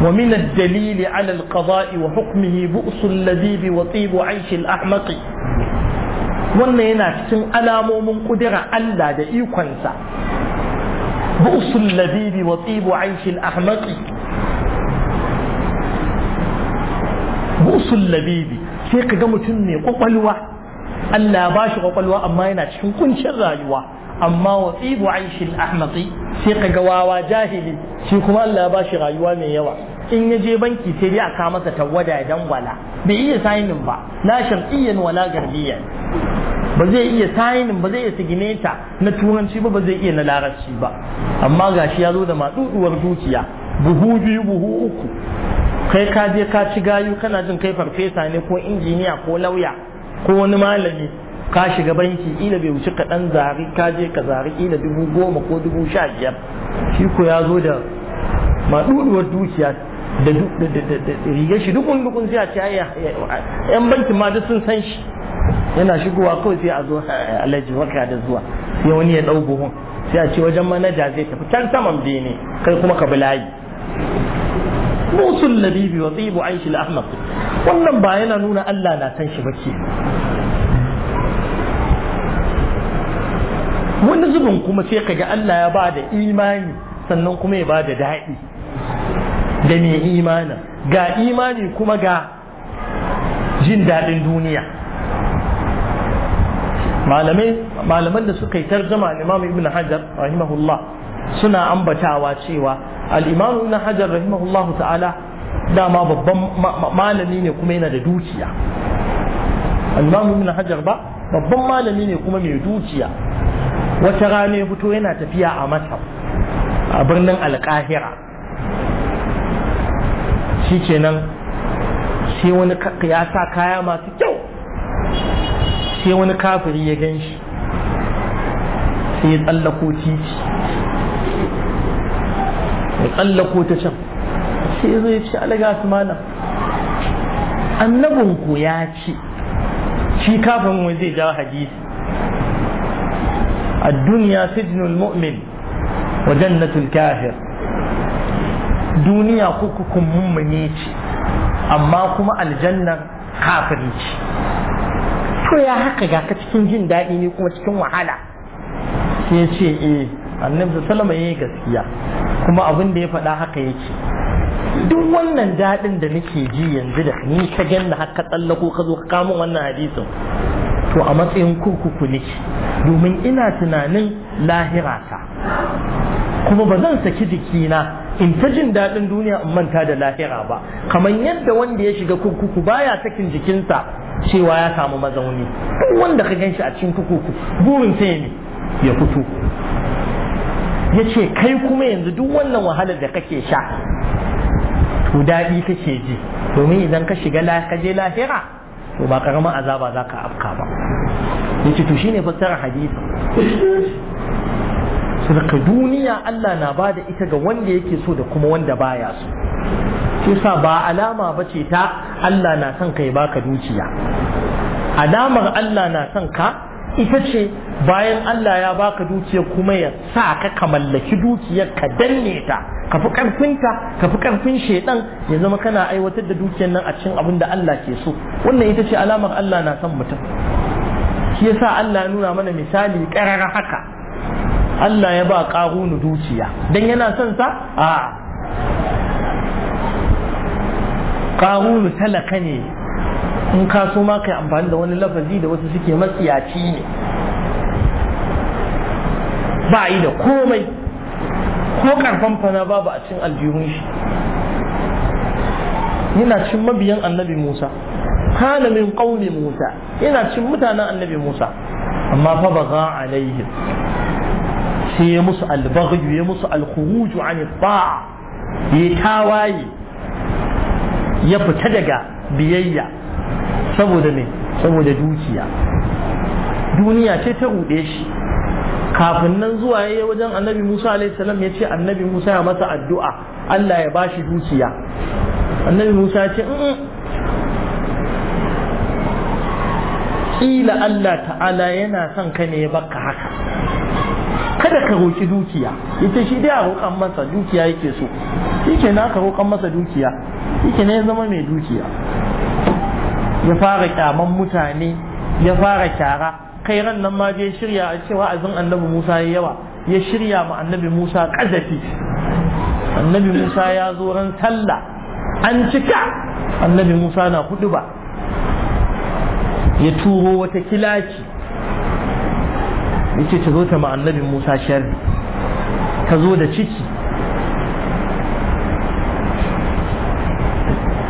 Wa min ومن الدليل على القضاء وحكمه بؤس اللذيذ وطيب عيش الأحمق wannan yana cikin alamomin ƙudirar Allah da ikonsa bu'sul labibi wa tsibu aishil ahmaqi bu'sul labibi sai kaga mutum ne kwakwalwa Allah ba shi kwakwalwa amma yana cikin kuncin rayuwa amma wa tsibu Aishin ahmaqi sai ka ga wawa jahili shi kuma Allah ya bashi rayuwa mai yawa in ya je banki sai dai a ka masa tawada dan wala bai iya sainin ba la shar'iyyan wala garbiyan ba zai iya sainin ba zai iya sigineta na turanci ba ba zai iya na larabci ba amma gashi ya zo da matsuduwar dukiya buhu biyu buhu uku kai ka je ka ci gayu kana jin kai farfesa ne ko injiniya ko lauya ko wani malami ka shiga banki ila bai wuce ka dan zari ka je ka zari ila dubu goma ko dubu sha biyar shi ko ya zo da maɗuɗuwar dukiya da riga shi dukun dukun sai a ce yan bankin ma duk sun san shi yana shigowa kawai sai a zo alhaji waka da zuwa sai wani ya ɗau buhun sai a ce wajen manaja zai tafi can saman bene kai kuma ka bulayi musul labibi wa tsibu aishi al-ahmad wannan ba yana nuna Allah na san shi ba ke wani zubin kuma sai kaga Allah ya ba da imani sannan kuma ya ba da daɗi da mai imanin ga imani kuma ga jin daɗin duniya malaman da suka yi tarjama imam ibn hajar rahimahullah suna ambatawa cewa al ibn hajar rahimahullah ta'ala dama babban malami ne kuma yana da dukiya al ibn hajar ba babban malami ne kuma mai dukiya wata rana ya fito yana tafiya a masa a birnin alkahira shi kenan sai wani ya sa kaya masu kyau sai wani kafiri ya gan shi sai ya tsallako titi ya tsallako ta can sai zai ci alaga su malam annabinku ya ce shi kafin wani zai jawo hadisi الدنيا سجن المؤمن وجنة الكافر دنيا كوككم ممنيتي أما كما الجنة كافريتي to ya haka ga ka cikin jin daɗi ne kuma cikin wahala sai ya ce eh annabi sallama yayi gaskiya kuma abinda ya faɗa haka yake duk wannan daɗin da nake ji yanzu da ni ka ganna haka tsallako ka zo ka kamo wannan hadisin to a matsayin kurkuku nake domin ina tunanin lahira ta kuma ba zan saki jikina in ta jin daɗin duniya in manta da lahira ba kamar yadda wanda ya shiga kurkuku baya sakin jikinsa cewa ya samu mazauni duk wanda ka ganshi a cikin kurkuku burin sai ne ya fito ya ce kai kuma yanzu duk wannan wahalar da kake sha to daɗi kake ji domin idan ka shiga ka je lahira to ba karamin azaba za ka afka ba yace to shine fassara hadisi sadaka duniya Allah na bada ita ga wanda yake so da kuma wanda baya so shi ba alama ba ce ta Allah na son kai baka dukiya alamar Allah na son ka ita ce bayan Allah ya baka dukiya kuma ya sa ka ka mallaki dukiyar ka danne ta ka fi karfinta ka fi karfin shedan ya zama kana aiwatar da dukiyar nan a cikin abin Allah ke so wannan ita ce alamar Allah na son mutum shi yasa Allah ya nuna mana misali karar haka Allah ya ba ƙarunu dukiya dan yana son sa a ƙarunu talaka ne in ka so ma kai amfani da wani lafazi da wasu suke matsiyaci ne ba yi da komai ko karfan fana babu a cikin aljihun shi yana cin mabiyan annabi Musa kana min qaumi Musa yana cin mutanen annabi Musa amma fa baga alaihim sai ya musu albaghyu ya musu alkhuruju an ta'a ya tawaye ya fita daga biyayya saboda me saboda dukiya duniya ce ta ruɗe shi kafin nan zuwa ya wajen annabi musa salam ya ce annabi musa ya masa addu'a allah ya bashi dukiya annabi musa ya ce kila Allah ta'ala yana son ka ne ya baka haka kada ka roki dukiya ita shi dai a roƙan masa dukiya yake so yake na ka roƙan masa dukiya yake ne zama mai dukiya ya fara kyaman mutane ya fara kyara kai ran nan ma je shirya a cewa azin annabi Musa ya yawa ya shirya ma annabi Musa kazafi annabi Musa ya zo ran sallah an cika annabi Musa na hudu ba ya turo wata kilaci yace ta zo ta ma annabin Musa sharri ta zo da ciki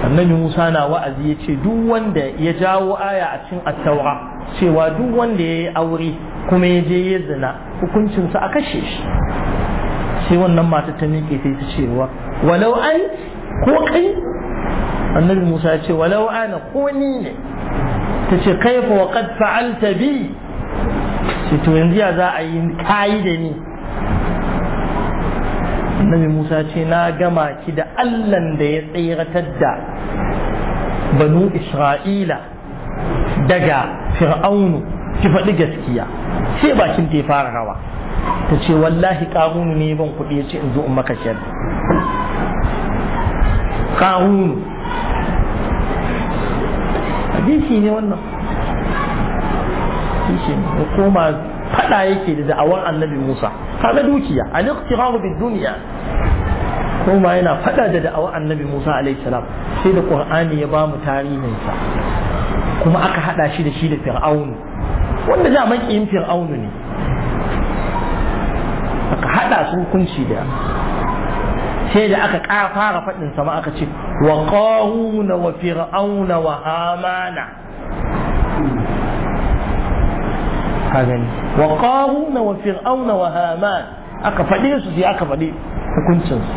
annabi Musa na wa'azi ya ce duk wanda ya jawo aya a cikin attaura cewa duk wanda ya yi aure kuma ya je ya zina hukuncinsa a kashe shi sai wannan mata ta miƙe sai ta ce wa walau an ko kai annabi Musa ya ce walau ana ko ni ne ta ce kaifa wa qad fa'alta bi ce to yanzu ya za a yi kayi da ni annabi Musa ce na gama ki da Allahn da ya tsiratar da banu Isra'ila daga fir'aunu ki faɗi gaskiya sai bakin ta fara rawa ta ce wallahi ƙarunu ne ban kuɗi ya ce in zo in maka shari ƙarunu hadisi ne wannan hadisi ne koma fada yake da da'awar annabi Musa kaga dukiya an iqtiraru bid dunya koma yana fada da da'awar annabi Musa alaihi salam sai da Qur'ani ya ba mu tarihin sa kuma aka hada shi da shi da Fir'aunu wanda da makiyin Fir'aunu ne aka hada su hukunci da sai da aka fara faɗin sama aka ce wa ƙaruna wa fir'auna wa hamana kagani wa ƙaruna wa fir'auna wa haman aka faɗe su sai aka faɗi hukuncinsu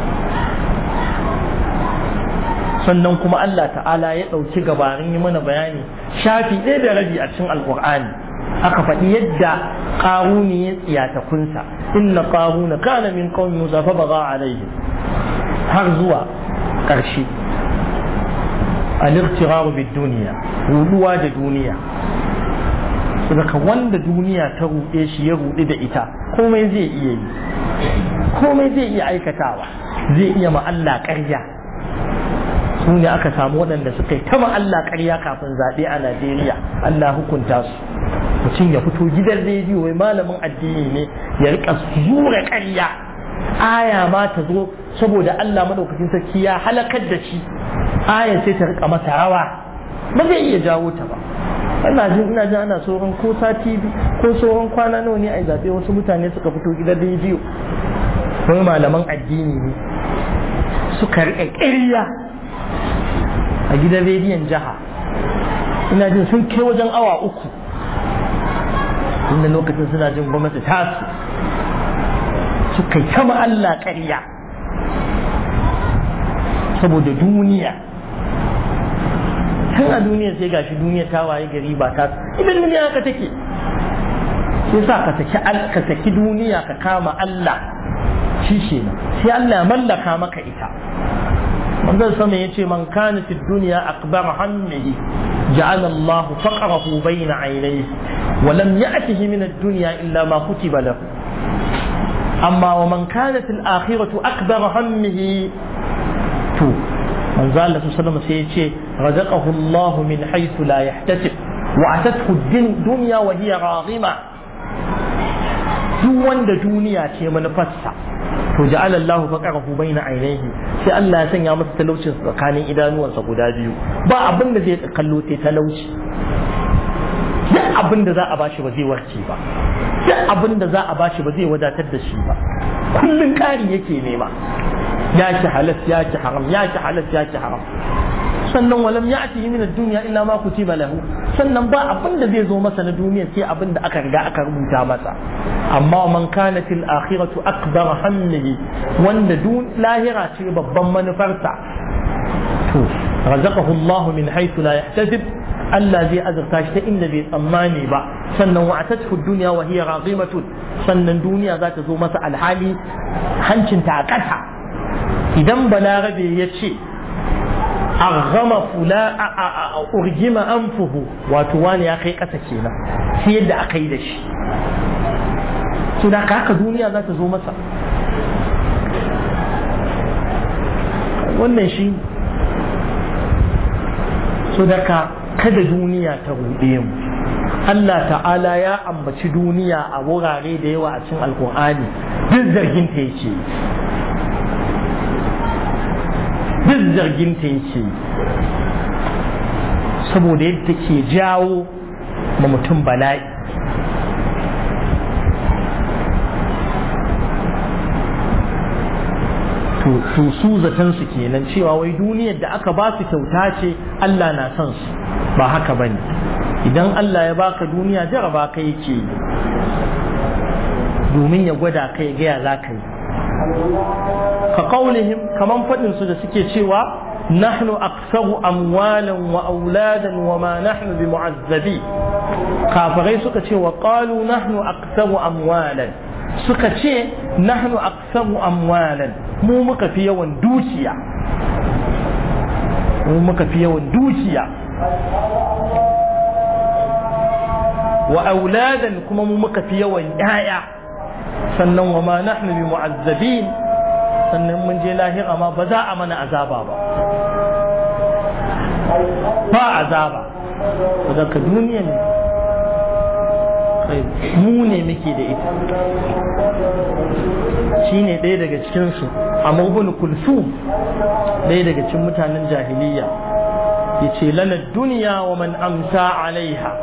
sannan kuma Allah ta'ala ya ɗauki gabarin yi mana bayani shafi ɗaya da rabi a cikin alƙur'ani aka faɗi yadda ƙaruni ya tsiyata kunsa inna ƙaruna kana min qawmi musa fa baga alaihim har zuwa ƙarshe al-iqtiraru bid-dunya da duniya saboda wanda duniya ta ruɗe shi ya ruɗe da ita komai zai iya yi komai zai iya aikatawa zai iya ma ƙarya su ne aka samu waɗanda suka yi ta ma Allah ƙarya kafin zaɓe a Najeriya Allah hukunta su mutum ya fito gidan rediyo mai malamin addini ne ya rika zura ƙarya aya ma ta zo saboda Allah madaukakin sarki ya halakar da shi aya sai ta rika masa rawa ba zai iya jawo ta ba ina jin ina jin ana sauran ko sati ko sauran kwana nawa ne a zabe wasu mutane suka fito gidan rediyo wani malaman addini ne suka rika ƙirya a gidan rediyon jiha ina jin sun kai wajen awa uku inda lokacin suna jin gwamnati tasu suka yi kama Allah ƙarya saboda duniya Tana duniya sai ga shi duniya ta waye gari ba ta ibin duniya ka take sai sa ka saki ka saki duniya ka kama Allah shi kenan sai Allah ya mallaka maka ita manzon sama ya ce man kana fi duniya akbar hammihi ja'ala Allah faqrahu bayna aynayhi wa lam ya'tihi min ad-dunya illa ma kutiba lahu amma wa man kanat al-akhiratu akbar hammihi to manzo Allah sallallahu alaihi sai ya ce razaqahu Allah min haythu la yahtasib wa atathu dunya wa hiya raghima duk wanda duniya ce manufarsa to ja'ala Allah faqarahu baina ainihi sai Allah ya sanya masa talaucin tsakanin idanuwansa guda biyu ba abin da zai kallo sai talauci duk abin da za a bashi ba zai warke ba duk abin da za a bashi ba zai wadatar da shi ba kullum ƙari yake nema ya ki halas ya haram ya halas ya haram sannan walam ya ati min duniya illa ma ci balahu. sannan ba abin da zai zo masa na duniya sai abin da aka riga aka rubuta masa amma man kanat al-akhiratu akbar hammihi wanda dun lahira ce babban manufarsa to razaqahu Allah min haythu la yahtasib Allah zai azurta shi ta inda bai tsammani ba sannan wa atatku dunya wa hiya razimatun sannan duniya za ta zo masa alhali Hancin ta ƙasa idan balarabe ya ce argama fula a urgima anfuhu wato wani ya kai ƙasa kenan sai yadda aka yi da shi to da haka duniya za ta zo masa wannan shi so da ka kada duniya ta ruɗe mu Allah ta'ala ya ambaci duniya a wurare da yawa a cikin alkur'ani duk zargin ta yake duk zargin ta yake saboda yadda ke jawo ma mutum bala'i to su zaton su kenan cewa wai duniyar da aka ba su kyauta ce Allah na san su ba haka bane idan Allah ya baka duniya jaraba ka yake domin ya gwada ka ya gaya za ka yi ka kaulihim kaman faɗin su da suke cewa nahnu aksahu amwalan wa auladan wa ma nahnu bi mu'azzabi kafirai suka ce wa qalu nahnu aksahu amwalan suka ce nahnu aksahu amwalan mu muka fi yawan dukiya mu muka fi yawan dukiya wa auladan kuma mu muka fi yawan yaya sannan wa ma nahnu bi mu'azzabin sannan mun je lahira ma ba za a mana azaba ba ba azaba mu ne muke da ita Shi ne ɗaya daga cikinsu a amma kulfu ɗaya daga cikin mutanen jahiliya Ya ce lana duniya wa man amsa alaiha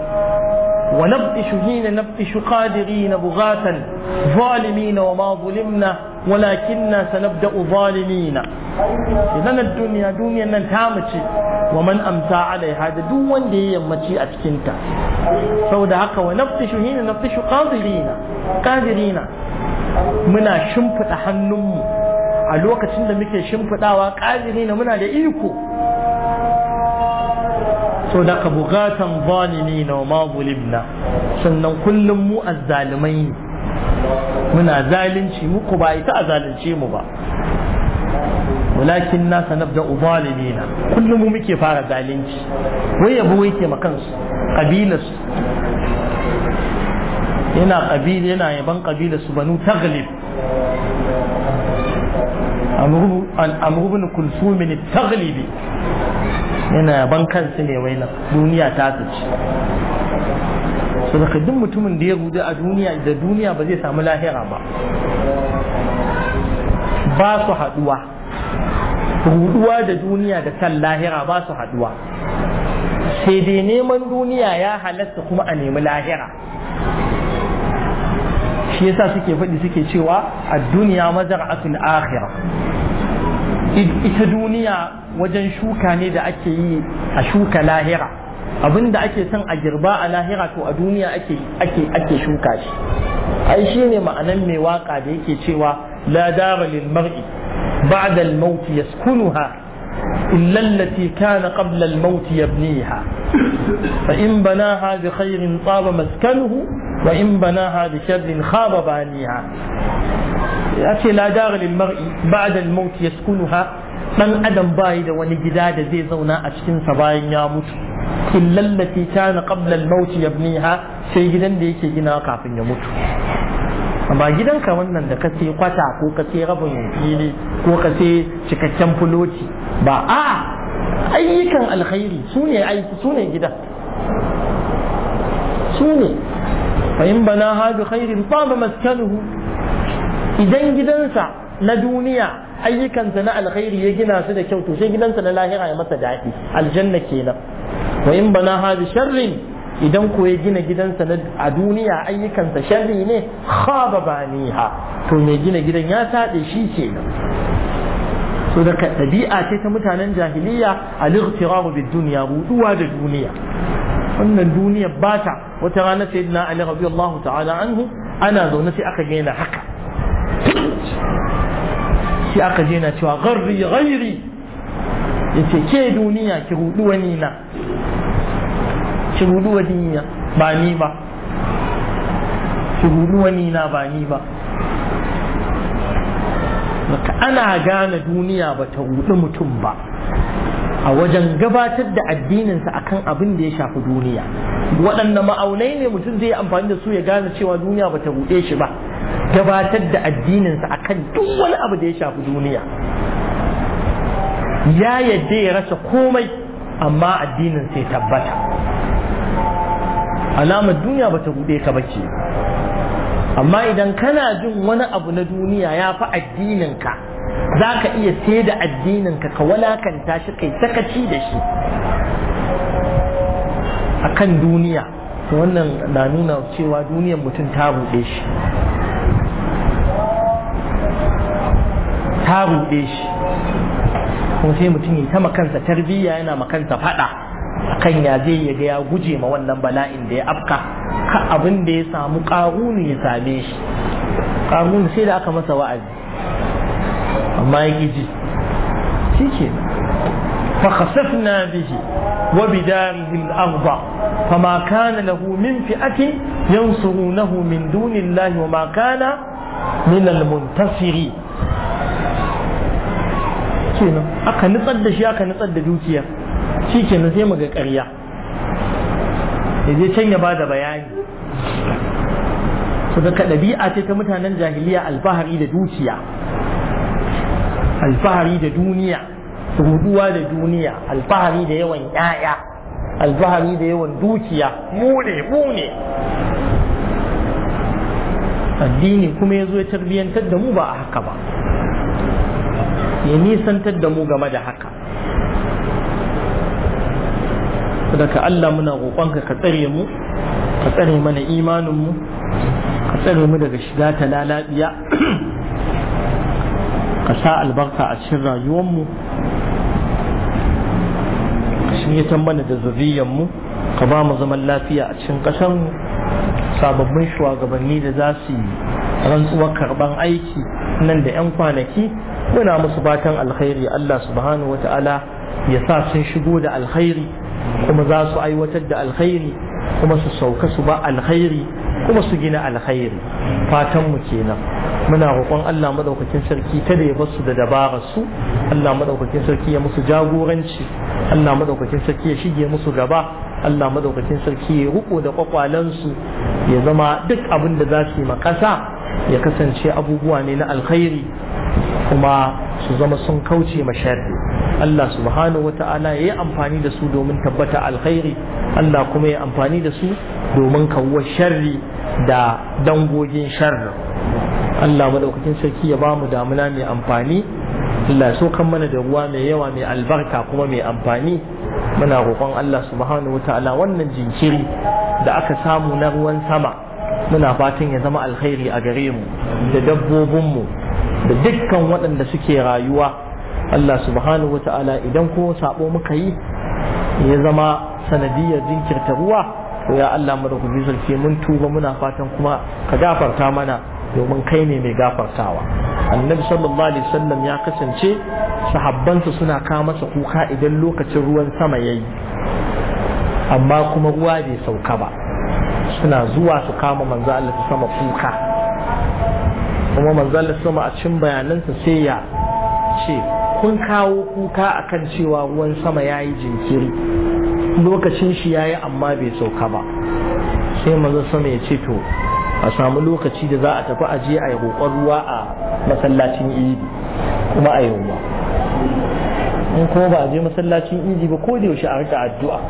wa nabtishu kadiri na qadirina bughatan zalimina wa ma zulimna ولكننا سنبدأ ظالمين idan duniya duniyan nan ta mace wa man amsa alaiha da duk wanda ya yammaci a cikinta. ta saboda haka wa naftishu hina naftishu qadirina qadirina muna shimfida hannunmu a lokacin da muke shimfidawa qadirina muna da iko so da bukatan zalimi na ma sannan kullum mu azzalimai ne muna zalunci muku ba ita a zalunce mu ba walakin na da sanabda ubalimina kullum mu muke fara zalunci wai yabo yake ma kansu kabilas yana kabila yana yaban kabila su banu taglib amru ibn kulsum taglibi yana yaban kansu ne wai nan duniya ta tsaci saboda duk mutumin da ya gudu a duniya da duniya ba zai samu lahira ba ba su haduwa ruduwa da duniya da san lahira ba su haduwa sai dai neman duniya ya halatta kuma a nemi lahira shi yasa suke faɗi suke cewa a duniya asin akhira ita duniya wajen shuka ne da ake yi a shuka lahira abin da ake son a girba a lahira to a duniya ake shuka shi ai ne ma'anan mai waka da yake cewa لا دار للمرء بعد الموت يسكنها إلا التي كان قبل الموت يبنيها فإن بناها بخير طاب مسكنه وإن بناها بشر خاب بانيها لكن لا دار للمرء بعد الموت يسكنها من أدم بايد ونجداد زي زونا أشتن سباين يا إلا التي كان قبل الموت يبنيها سيجدن ديكي جنا قافن يموت ba gidanka wannan da ka sai kwata ko ka sai rabin fili ko ka sai cikakken fuloti ba a ayyukan alkhairi su ne aiki su ne gida su ne fa in bana hadu khairin taba maskanuhu idan gidansa na duniya ayyukansa na alkhairi ya gina su da kyau to sai gidansa na lahira ya masa daɗi aljanna kenan wa in bana hadu sharrin idan ko ya gina gidansa na a duniya ayyukansa sharri ne khaba baniha to mai gina gidan ya tade shi kenan so daga ɗabi'a ce ta mutanen jahiliya al-ightiraru bid-dunya ruduwa da duniya wannan duniya bata wata rana sayyidina ali radiyallahu ta'ala anhu ana zaune sai aka gaina haka sai aka gina cewa gharri ghairi yace ke duniya ki rudu ni na shuhudu wa ba ni ba wa nina ba ni ba maka ana gane duniya ba ta hudu mutum ba a wajen gabatar da addininsa akan abin da ya shafi duniya waɗanda ma'aunai ne mutum zai amfani da su ya gane cewa duniya ba ta ruɗe shi ba gabatar da addininsa akan duk wani abu da ya shafi duniya ya yadda ya rasa komai amma addinin sai tabbata alamar duniya ba ta buɗe ka bace amma idan kana jin wani abu na duniya ya fi addininka za ka iya sai da addininka ka walakanta shi kai sakaci da shi a kan duniya wannan na nuna cewa duniyan mutum ta buɗe shi ta buɗe shi kuma sai mutum ya ta makansa tarbiyya yana makansa faɗa kan ya je ya ga ya guje ma wannan bala'in da ya afka ka abin da ya samu ƙaruni ya same shi ƙaruni sai da aka masa wa'azi amma ya ji shi ke fa na bihi wa bidarihi al-ardh fa ma kana lahu min fi'atin yansurunahu min dunillahi wa ma kana min al-muntasiri kenan aka nutsar da shi aka nutsar da dukiya shi kenan sai mu ga ƙarya ya je can ya ba da bayani su daga ɗabi'a ce ta mutanen jahiliya alfahari da dukiya alfahari da duniya ruduwa da duniya alfahari da yawan 'ya'ya alfahari da yawan dukiya mu ne mu ne addini kuma ya zo ya tarbiyyantar da mu ba a haka ba ya nisantar da mu game da haka saboda ka Allah muna roƙonka ka tsare mu ka tsare mana imanin mu ka tsare mu daga shiga ta lalabiya ka sa albarka a cikin rayuwar mu ka shirya mana da zuriyar mu ka ba mu zaman lafiya a cikin ƙasar mu sababbin shugabanni da za su yi rantsuwar karban aiki nan da 'yan kwanaki muna musu fatan alkhairi Allah subhanahu wa ta'ala ya sa sun shigo da alkhairi kuma za su aiwatar da alkhairi kuma su sauka su ba alkhairi kuma su gina alkhairi fatan mu kenan muna roƙon Allah madaukakin sarki kada ya basu da dabarar su Allah madaukakin sarki ya musu jagoranci Allah madaukakin sarki ya shige musu gaba Allah madaukakin sarki ya ruko da su ya zama duk abin da za su yi makasa ya kasance abubuwa ne na alkhairi kuma su zama sun kauce ma sharri Allah subhanahu wa ta'ala ya yi amfani da su domin tabbata alkhairi Allah kuma ya amfani da su domin kawo sharri da dangogin sharri Allah madaukakin sarki ya bamu damuna mai amfani Allah so kan mana da ruwa mai yawa mai albarka kuma mai amfani muna roƙon Allah subhanahu wa ta'ala wannan jinkiri da aka samu na ruwan sama muna fatan ya zama alkhairi a gare mu da dabbobinmu da dukkan waɗanda suke rayuwa Allah subhanahu wata'ala idan ko sabo muka yi ya zama sanadiyar jinkirta ruwa to ya Allah mu da ku ke mun tuba muna fatan kuma ka gafarta mana domin kai ne mai gafartawa annabi sallallahu alaihi wasallam ya kasance sahabbansa suna ka masa kuka idan lokacin ruwan sama yayi amma kuma ruwa bai sauka ba suna zuwa su kama manzo Allah ta sama kuka kuma manzo Allah sama a cikin bayanansa sai ya ce kun kawo kuka akan cewa ruwan sama ya yi jinkiri lokacin shi ya yi amma bai sauka ba sai manzo sama ya ce to a samu lokaci da za a tafi a je a yi roƙon ruwa a masallacin idi kuma a yau in kuma ba a je masallacin idi ba ko da yaushe a rika addu'a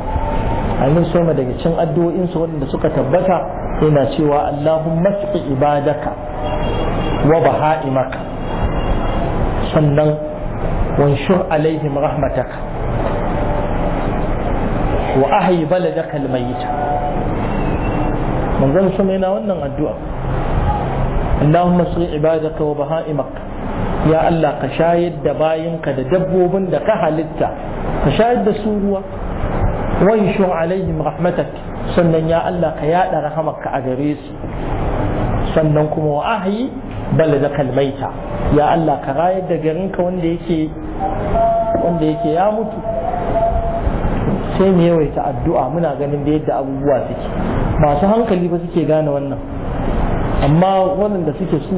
Amin soma daga cin addu'o'insu waɗanda suka tabbata yana cewa Allahumma ibadaka wa baha'imaka sannan وانشر عليهم رحمتك وأحي بلدك الميت من ذلك سمعنا وانا الدعاء اللهم اصغي عبادك وبهائمك يا الله قشايد دباينك دبوبن دكهلتا قشايد دسوروا وانشر عليهم رحمتك sannan ya Allah ka yaɗa rahamarka a gare su sannan kuma wa ahayi bala da kalmaita ya Allah ka rayar da garinka wanda yake wanda yake ya mutu sai mu yawaita addu'a muna ganin da yadda abubuwa suke masu hankali ba suke gane wannan amma waɗanda suke su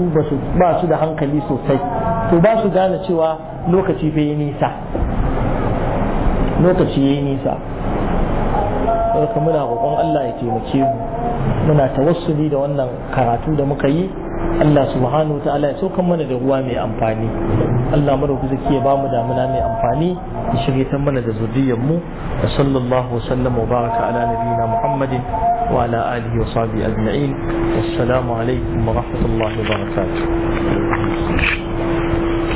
ba su da hankali sosai to ba su gane cewa lokaci bai yi nisa lokaci ya yi nisa muna roƙon Allah ya taimake mu muna tawassuli da wannan karatu da muka yi Allah subhanahu wa ta'ala ya saukan mana da ruwa mai amfani Allah mara ku zake ba mu damuna mai amfani ya shirye ta mana da zuriyar mu wa sallallahu sallam wa baraka ala nabiyina Muhammadin wa ala alihi wa sahbihi ajma'in wassalamu alaikum wa rahmatullahi wa barakatuh